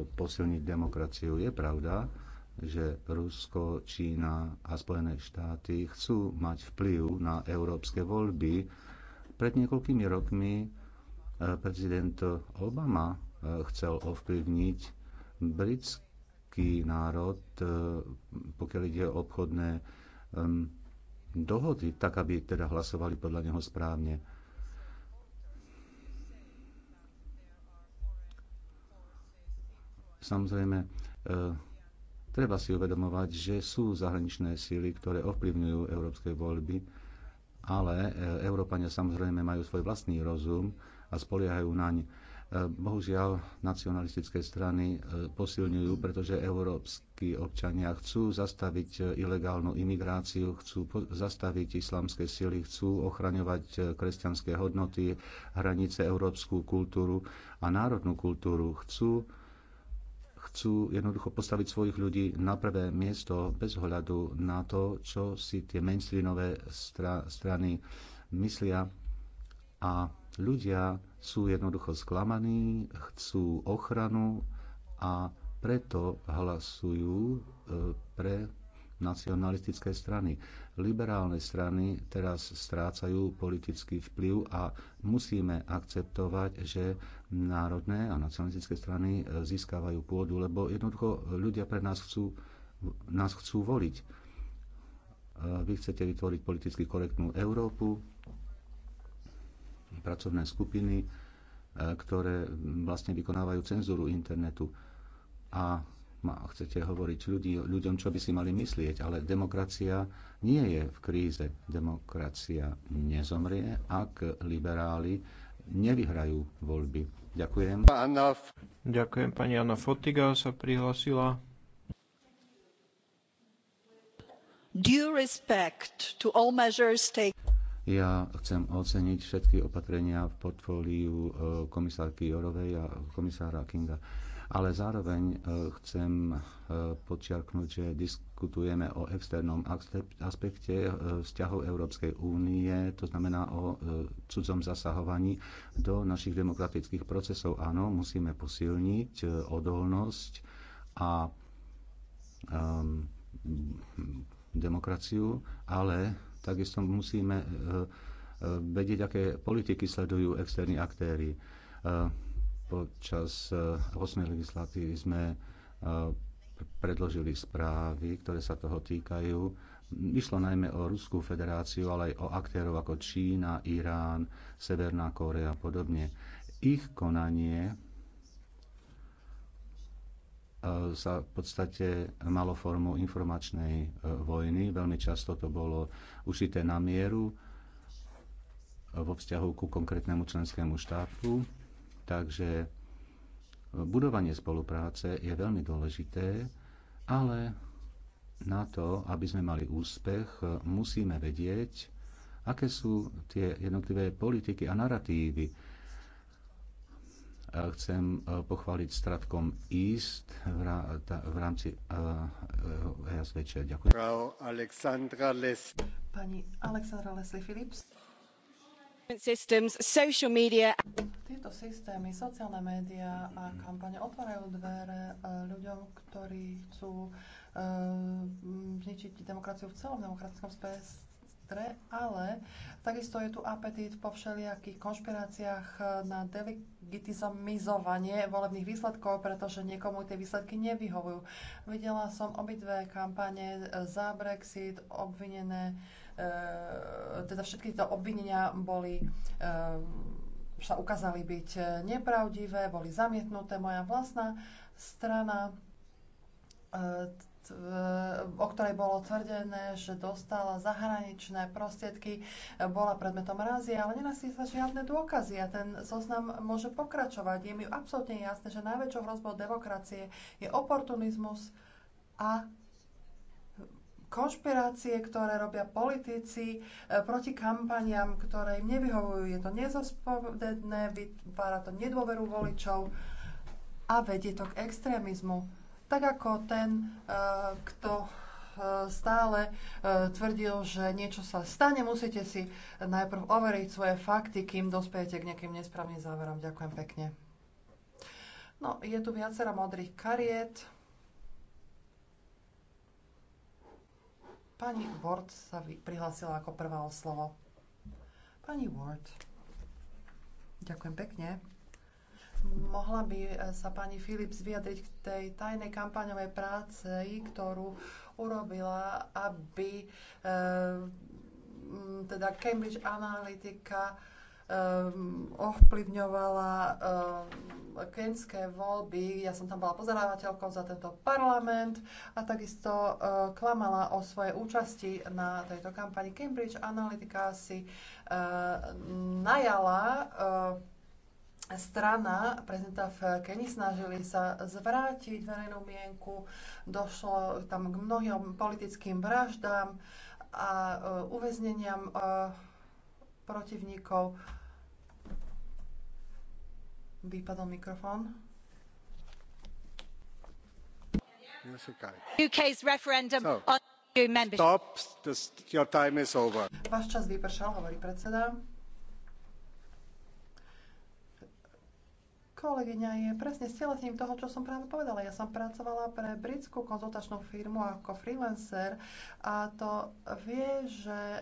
posilniť demokraciu. Je pravda, že Rusko, Čína a Spojené štáty chcú mať vplyv na európske voľby. Pred niekoľkými rokmi e, prezident Obama e, chcel ovplyvniť britský národ, pokiaľ ide o obchodné dohody, tak aby teda hlasovali podľa neho správne. Samozrejme, e, treba si uvedomovať, že sú zahraničné síly, ktoré ovplyvňujú európske voľby, ale e, Európania samozrejme majú svoj vlastný rozum a spoliehajú naň. E, bohužiaľ, nacionalistické strany posilňujú, pretože európsky občania chcú zastaviť ilegálnu imigráciu, chcú zastaviť islamské sily, chcú ochraňovať kresťanské hodnoty, hranice, európsku kultúru a národnú kultúru. Chcú chcú jednoducho postaviť svojich ľudí na prvé miesto bez ohľadu na to, čo si tie mainstreamové stra- strany myslia. A ľudia sú jednoducho sklamaní, chcú ochranu a preto hlasujú e, pre nacionalistické strany liberálne strany teraz strácajú politický vplyv a musíme akceptovať, že národné a nacionalistické strany e, získavajú pôdu, lebo jednoducho ľudia pre nás chcú, nás chcú voliť. E, vy chcete vytvoriť politicky korektnú Európu, pracovné skupiny, e, ktoré vlastne vykonávajú cenzúru internetu. A chcete hovoriť ľudí, ľuďom, čo by si mali myslieť, ale demokracia nie je v kríze. Demokracia nezomrie, ak liberáli nevyhrajú voľby. Ďakujem. Ďakujem, pani Anna Fotiga sa prihlasila. Ja chcem oceniť všetky opatrenia v portfóliu eh, komisárky Jorovej a komisára Kinga ale zároveň e, chcem e, podčiarknúť, že diskutujeme o externom aspekte e, vzťahov Európskej únie, to znamená o cudzom zasahovaní do našich demokratických procesov. Áno, musíme posilniť odolnosť a um, demokraciu, ale takisto musíme vedieť, aké politiky sledujú externí aktéry Počas 8 eh, legislatívy sme eh, predložili správy, ktoré sa toho týkajú. Išlo najmä o Ruskú federáciu, ale aj o aktérov ako Čína, Irán, Severná Kórea a podobne. Ich konanie eh, sa v podstate malo formu informačnej vojny. Veľmi často to bolo ušité na mieru vo vzťahu ku konkrétnemu členskému štátu Takže budovanie spolupráce je veľmi dôležité, ale na to, aby sme mali úspech, musíme vedieť, aké sú tie jednotlivé politiky a narratívy. Chcem pochváliť Stratkom East v rámci ESVČ. Ďakujem. Pani Alexandra Leslie Phillips. Tieto systémy, sociálne médiá a kampane otvárajú dvere e, ľuďom, ktorí chcú e, zničiť demokraciu v celom demokratickom spektre, ale takisto je tu apetít po všelijakých konšpiráciách e, na delegitizovanie volebných výsledkov, pretože niekomu tie výsledky nevyhovujú. Videla som obidve kampane za Brexit obvinené E, teda všetky tieto obvinenia boli e, sa ukázali byť e, nepravdivé, boli zamietnuté. Moja vlastná strana, o ktorej bolo tvrdené, že dostala zahraničné prostriedky, bola predmetom razie, ale nenasí sa žiadne dôkazy a ten zoznam môže pokračovať. Je mi absolútne jasné, že najväčšou hrozbou demokracie je oportunizmus a konšpirácie, ktoré robia politici e, proti kampaniam, ktoré im nevyhovujú. Je to nezospovedné, vytvára to nedôveru voličov a vedie to k extrémizmu. Tak ako ten, e, kto e, stále tvrdil, že niečo sa stane, musíte si najprv overiť svoje fakty, kým dospejete k nejakým nesprávnym záverom. Ďakujem pekne. No, je tu viacera modrých kariet. Pani Ward sa prihlásila ako prvá o slovo. Pani Ward. Ďakujem pekne. Mohla by e, sa pani Philips vyjadriť k tej tajnej kampaňovej práce, ktorú urobila, aby e, teda Cambridge Analytica um, ovplyvňovala um, kenské voľby. Ja som tam bola pozorávateľkou za tento parlament a takisto uh, klamala o svojej účasti na tejto kampani. Cambridge Analytica si uh, najala uh, strana prezidenta v Keni snažili sa zvrátiť verejnú mienku, došlo tam k mnohým politickým vraždám a uh, uväzneniam uh, protivníkov Vypadol mikrofón. UK's referendum so, on EU membership. Stop, this, your time is over. Váš čas vypršal, hovorí predseda. kolegyňa je presne stelesním toho, čo som práve povedala. Ja som pracovala pre britskú konzultačnú firmu ako freelancer a to vie, že e,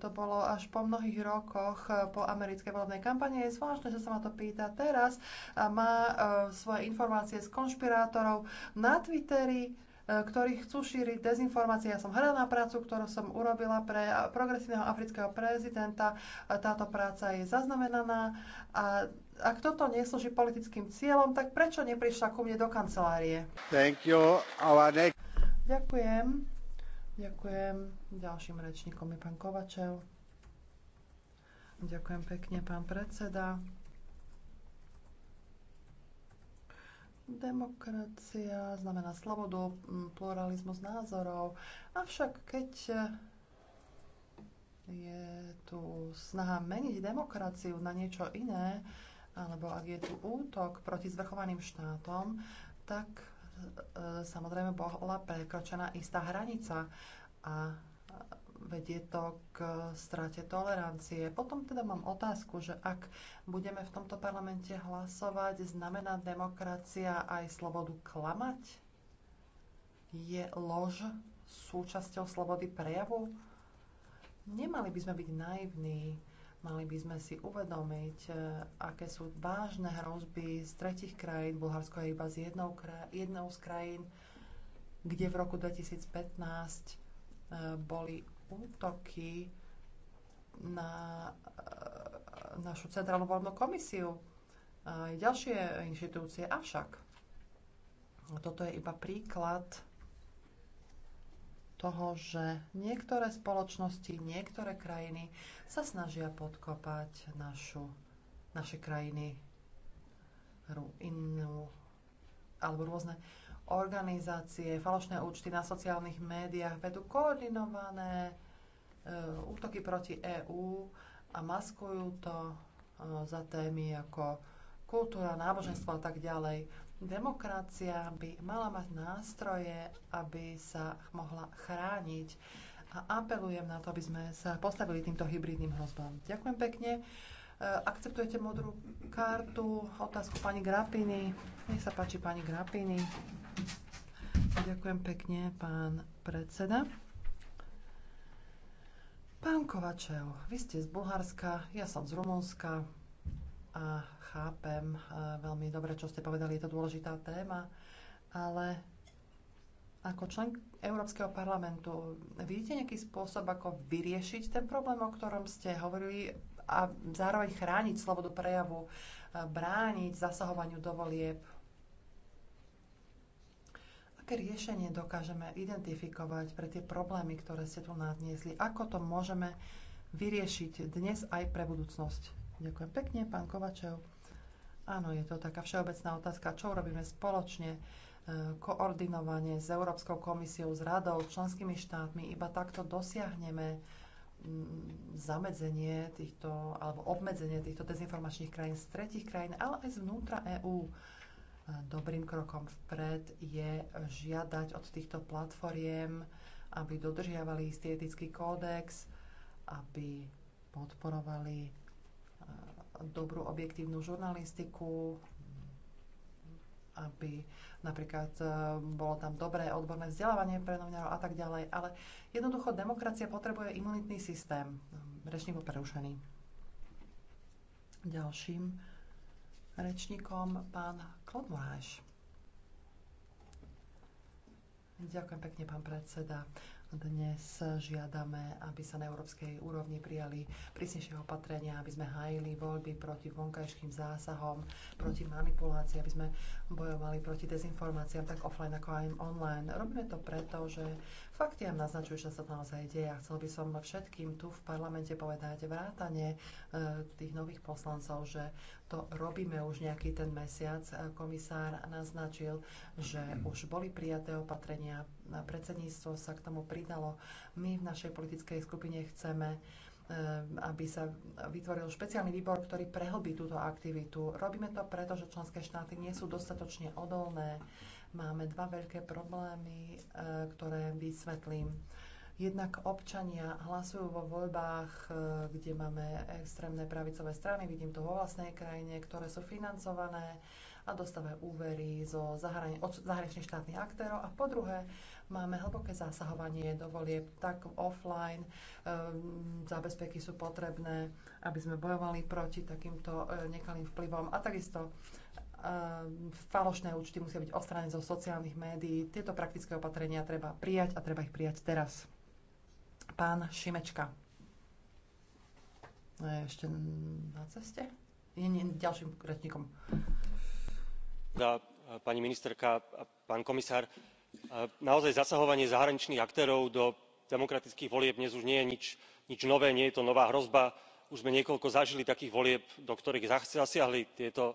to bolo až po mnohých rokoch e, po americkej volebnej kampani. Je zvláštne, že sa ma to pýta teraz a má e, svoje informácie z konšpirátorov na Twitteri, e, ktorí chcú šíriť dezinformácie. Ja som hľadala na prácu, ktorú som urobila pre progresívneho afrického prezidenta. E, táto práca je zaznamenaná a ak toto neslúži politickým cieľom, tak prečo neprišla ku mne do kancelárie? Thank you. Our next... Ďakujem. Ďakujem. Ďalším rečníkom je pán Kovačev. Ďakujem pekne, pán predseda. Demokracia znamená slobodu, pluralizmus názorov. Avšak keď je tu snaha meniť demokraciu na niečo iné, alebo ak je tu útok proti zvrchovaným štátom, tak e, samozrejme bola prekročená istá hranica a e, vedie to k e, strate tolerancie. Potom teda mám otázku, že ak budeme v tomto parlamente hlasovať, znamená demokracia aj slobodu klamať? Je lož súčasťou slobody prejavu? Nemali by sme byť naivní. Mali by sme si uvedomiť, e, aké sú vážne hrozby z tretich krajín. Bulharsko je iba z jednou, jednou z krajín, kde v roku 2015 e, boli útoky na e, našu centrálnu voľnú komisiu a ďalšie inštitúcie. Avšak toto je iba príklad toho, že niektoré spoločnosti, niektoré krajiny sa snažia podkopať našu, naše krajiny inú, alebo rôzne organizácie, falošné účty na sociálnych médiách vedú koordinované e, útoky proti EÚ a maskujú to e, za témy ako kultúra, náboženstvo a tak ďalej. Demokracia by mala mať nástroje, aby sa mohla chrániť a apelujem na to, aby sme sa postavili týmto hybridným hrozbám. Ďakujem pekne. E, akceptujete modrú kartu? Otázku pani Grapiny. Nech sa páči pani Grapiny. Ďakujem pekne, pán predseda. Pán Kovačev, vy ste z Bulharska, ja som z Rumunska a chápem eh, veľmi dobre, čo ste povedali, je to dôležitá téma, ale ako člen Európskeho parlamentu, vidíte nejaký spôsob, ako vyriešiť ten problém, o ktorom ste hovorili a zároveň chrániť slobodu prejavu, eh, brániť zasahovaniu do volieb? Aké riešenie dokážeme identifikovať pre tie problémy, ktoré ste tu nadniesli? Ako to môžeme vyriešiť dnes aj pre budúcnosť? Ďakujem pekne, pán Kovačev. Áno, je to taká všeobecná otázka, čo robíme spoločne, e, koordinovanie s Európskou komisiou, s radou, členskými štátmi. Iba takto dosiahneme mm, zamedzenie týchto, alebo obmedzenie týchto dezinformačných krajín z tretich krajín, ale aj zvnútra EÚ. E, dobrým krokom vpred je žiadať od týchto platformiem, aby dodržiavali istý etický kódex, aby podporovali dobrú objektívnu žurnalistiku, aby napríklad e, bolo tam dobré odborné vzdelávanie pre novinárov a tak ďalej. Ale jednoducho demokracia potrebuje imunitný systém. Rečník bol prerušený. Ďalším rečníkom pán Klod Moráš. Ďakujem pekne, pán predseda. Dnes žiadame, aby sa na európskej úrovni prijali prísnejšie opatrenia, aby sme hájili voľby proti vonkajším zásahom, proti manipulácii, aby sme bojovali proti dezinformáciám tak offline ako aj online. Robíme to preto, že Fakty nám naznačujú, že sa naozaj deje. chcel by som všetkým tu v parlamente povedať vrátane e, tých nových poslancov, že to robíme už nejaký ten mesiac. E, komisár naznačil, že mm. už boli prijaté opatrenia, predsedníctvo sa k tomu pridalo. My v našej politickej skupine chceme e, aby sa vytvoril špeciálny výbor, ktorý prehlbí túto aktivitu. Robíme to preto, že členské štáty nie sú dostatočne odolné Máme dva veľké problémy, e, ktoré vysvetlím. Jednak občania hlasujú vo voľbách, e, kde máme extrémne pravicové strany, vidím to vo vlastnej krajine, ktoré sú financované a dostávajú úvery zo zahrani- od zahraničných štátnych aktérov. A po druhé, máme hlboké zasahovanie do volieb tak offline. Ehm, zábezpeky sú potrebné, aby sme bojovali proti takýmto e, nekalým vplyvom. A takisto Ehm, falošné účty musia byť odstranené zo sociálnych médií. Tieto praktické opatrenia treba prijať a treba ich prijať teraz. Pán Šimečka. Je ešte na ceste? Je nie, ďalším rečníkom. Da, no, pani ministerka, pán komisár, e, naozaj zasahovanie zahraničných aktérov do demokratických volieb dnes už nie je nič, nič nové, nie je to nová hrozba. Už sme niekoľko zažili takých volieb, do ktorých zasiahli tieto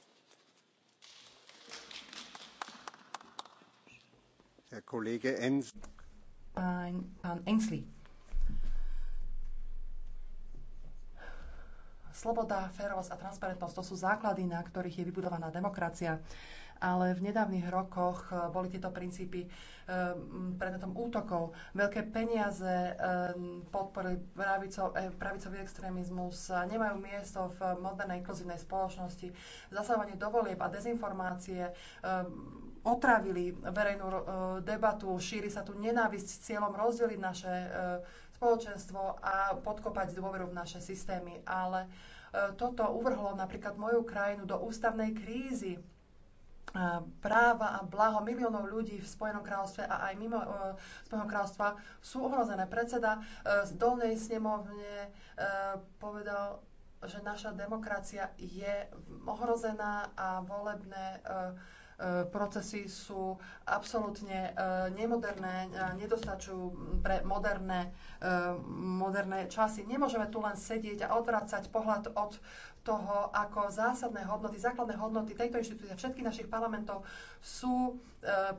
pán Ensley. Sloboda, férovosť a transparentnosť to sú základy, na ktorých je vybudovaná demokracia ale v nedávnych rokoch eh, boli tieto princípy eh, predmetom útokov. Veľké peniaze eh, podporili pravicový extrémizmus, nemajú miesto v modernej inkluzívnej spoločnosti. Zasávanie dovolieb a dezinformácie otravili verejnú debatu, šíri sa tu nenávisť s cieľom rozdeliť naše spoločenstvo a podkopať dôveru v naše systémy. Ale toto uvrhlo napríklad moju krajinu do ústavnej krízy práva a blaho miliónov ľudí v Spojenom kráľovstve a aj mimo uh, Spojeného kráľovstva sú ohrozené. Predseda uh, z dolnej snemovne uh, povedal, že naša demokracia je ohrozená a volebné procesy sú absolútne nemoderné, nedostačujú pre moderné, moderné časy. Nemôžeme tu len sedieť a odvracať pohľad od toho, ako zásadné hodnoty, základné hodnoty tejto inštitúcie, všetkých našich parlamentov sú e,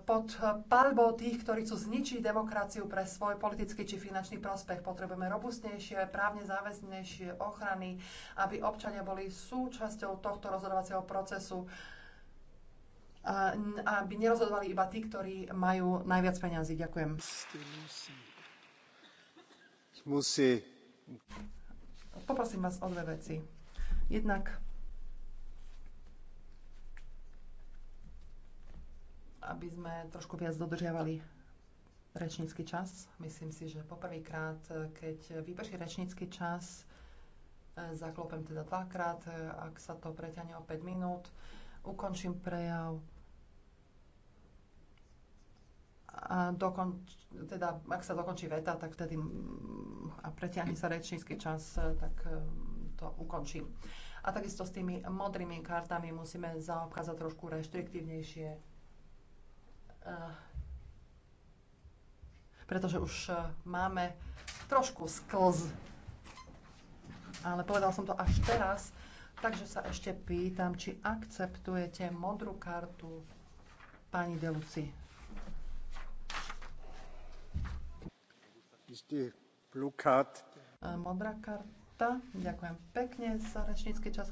pod palbou tých, ktorí chcú zničiť demokraciu pre svoj politický či finančný prospech. Potrebujeme robustnejšie, právne záväznejšie ochrany, aby občania boli súčasťou tohto rozhodovacieho procesu, aby nerozhodovali iba tí, ktorí majú najviac peňazí. Ďakujem. Musí. Poprosím vás o dve veci Jednak aby sme trošku viac dodržiavali rečnícky čas. Myslím si, že poprvýkrát, keď vyprší rečnícky čas, e, zaklopem teda dvakrát, e, ak sa to preťane o 5 minút, ukončím prejav a dokonč, teda, ak sa dokončí veta, tak vtedy a preťahne sa rečnícky čas, e, tak to ukončí. A takisto s tými modrými kartami musíme zaobchádzať trošku reštriktívnejšie. Eh, pretože už eh, máme trošku sklz. Ale povedal som to až teraz, takže sa ešte pýtam, či akceptujete modrú kartu pani Deluci. Eh, modrá karta Marta. Ďakujem pekne za rečnícky čas.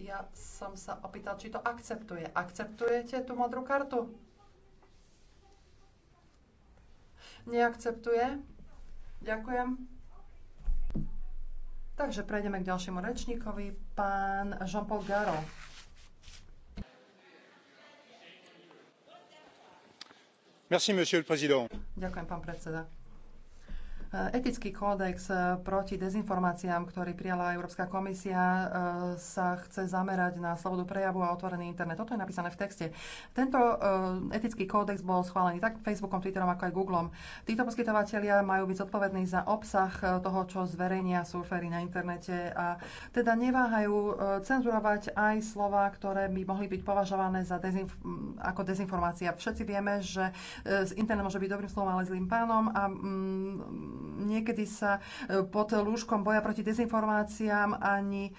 Ja som sa opýtal, či to akceptuje. Akceptujete tú modrú kartu? Neakceptuje? Ďakujem. Takže prejdeme k ďalšiemu rečníkovi, pán Jean-Paul Garo. Merci, monsieur le président. Ďakujem, pán predseda. Etický kódex eh, proti dezinformáciám, ktorý prijala Európska komisia, eh, sa chce zamerať na slobodu prejavu a otvorený internet. Toto je napísané v texte. Tento eh, etický kódex bol schválený tak Facebookom, Twitterom, ako aj Googlom. Títo poskytovateľia majú byť zodpovední za obsah toho, čo zverejnia surfery na internete a teda neváhajú cenzurovať aj slova, ktoré by mohli byť považované za dezinf- mm, ako dezinformácia. Všetci vieme, že internet môže byť dobrým slovom, ale zlým pánom a mm, niekedy sa e, pod lúžkom boja proti dezinformáciám ani e,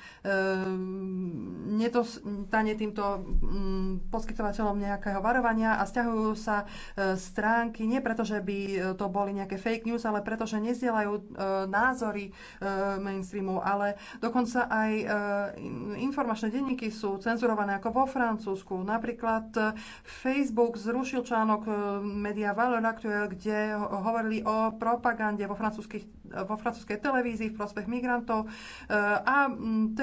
nedostane týmto mm, poskytovateľom nejakého varovania a stiahujú sa e, stránky nie preto, že by to boli nejaké fake news, ale preto, že nezdielajú názory mainstreamu, ale dokonca aj informačné denníky sú cenzurované ako vo Francúzsku. Napríklad Facebook zrušil článok Media Actuel, kde hovorili o propagande vo vo, francúzskej televízii v prospech migrantov e, a ten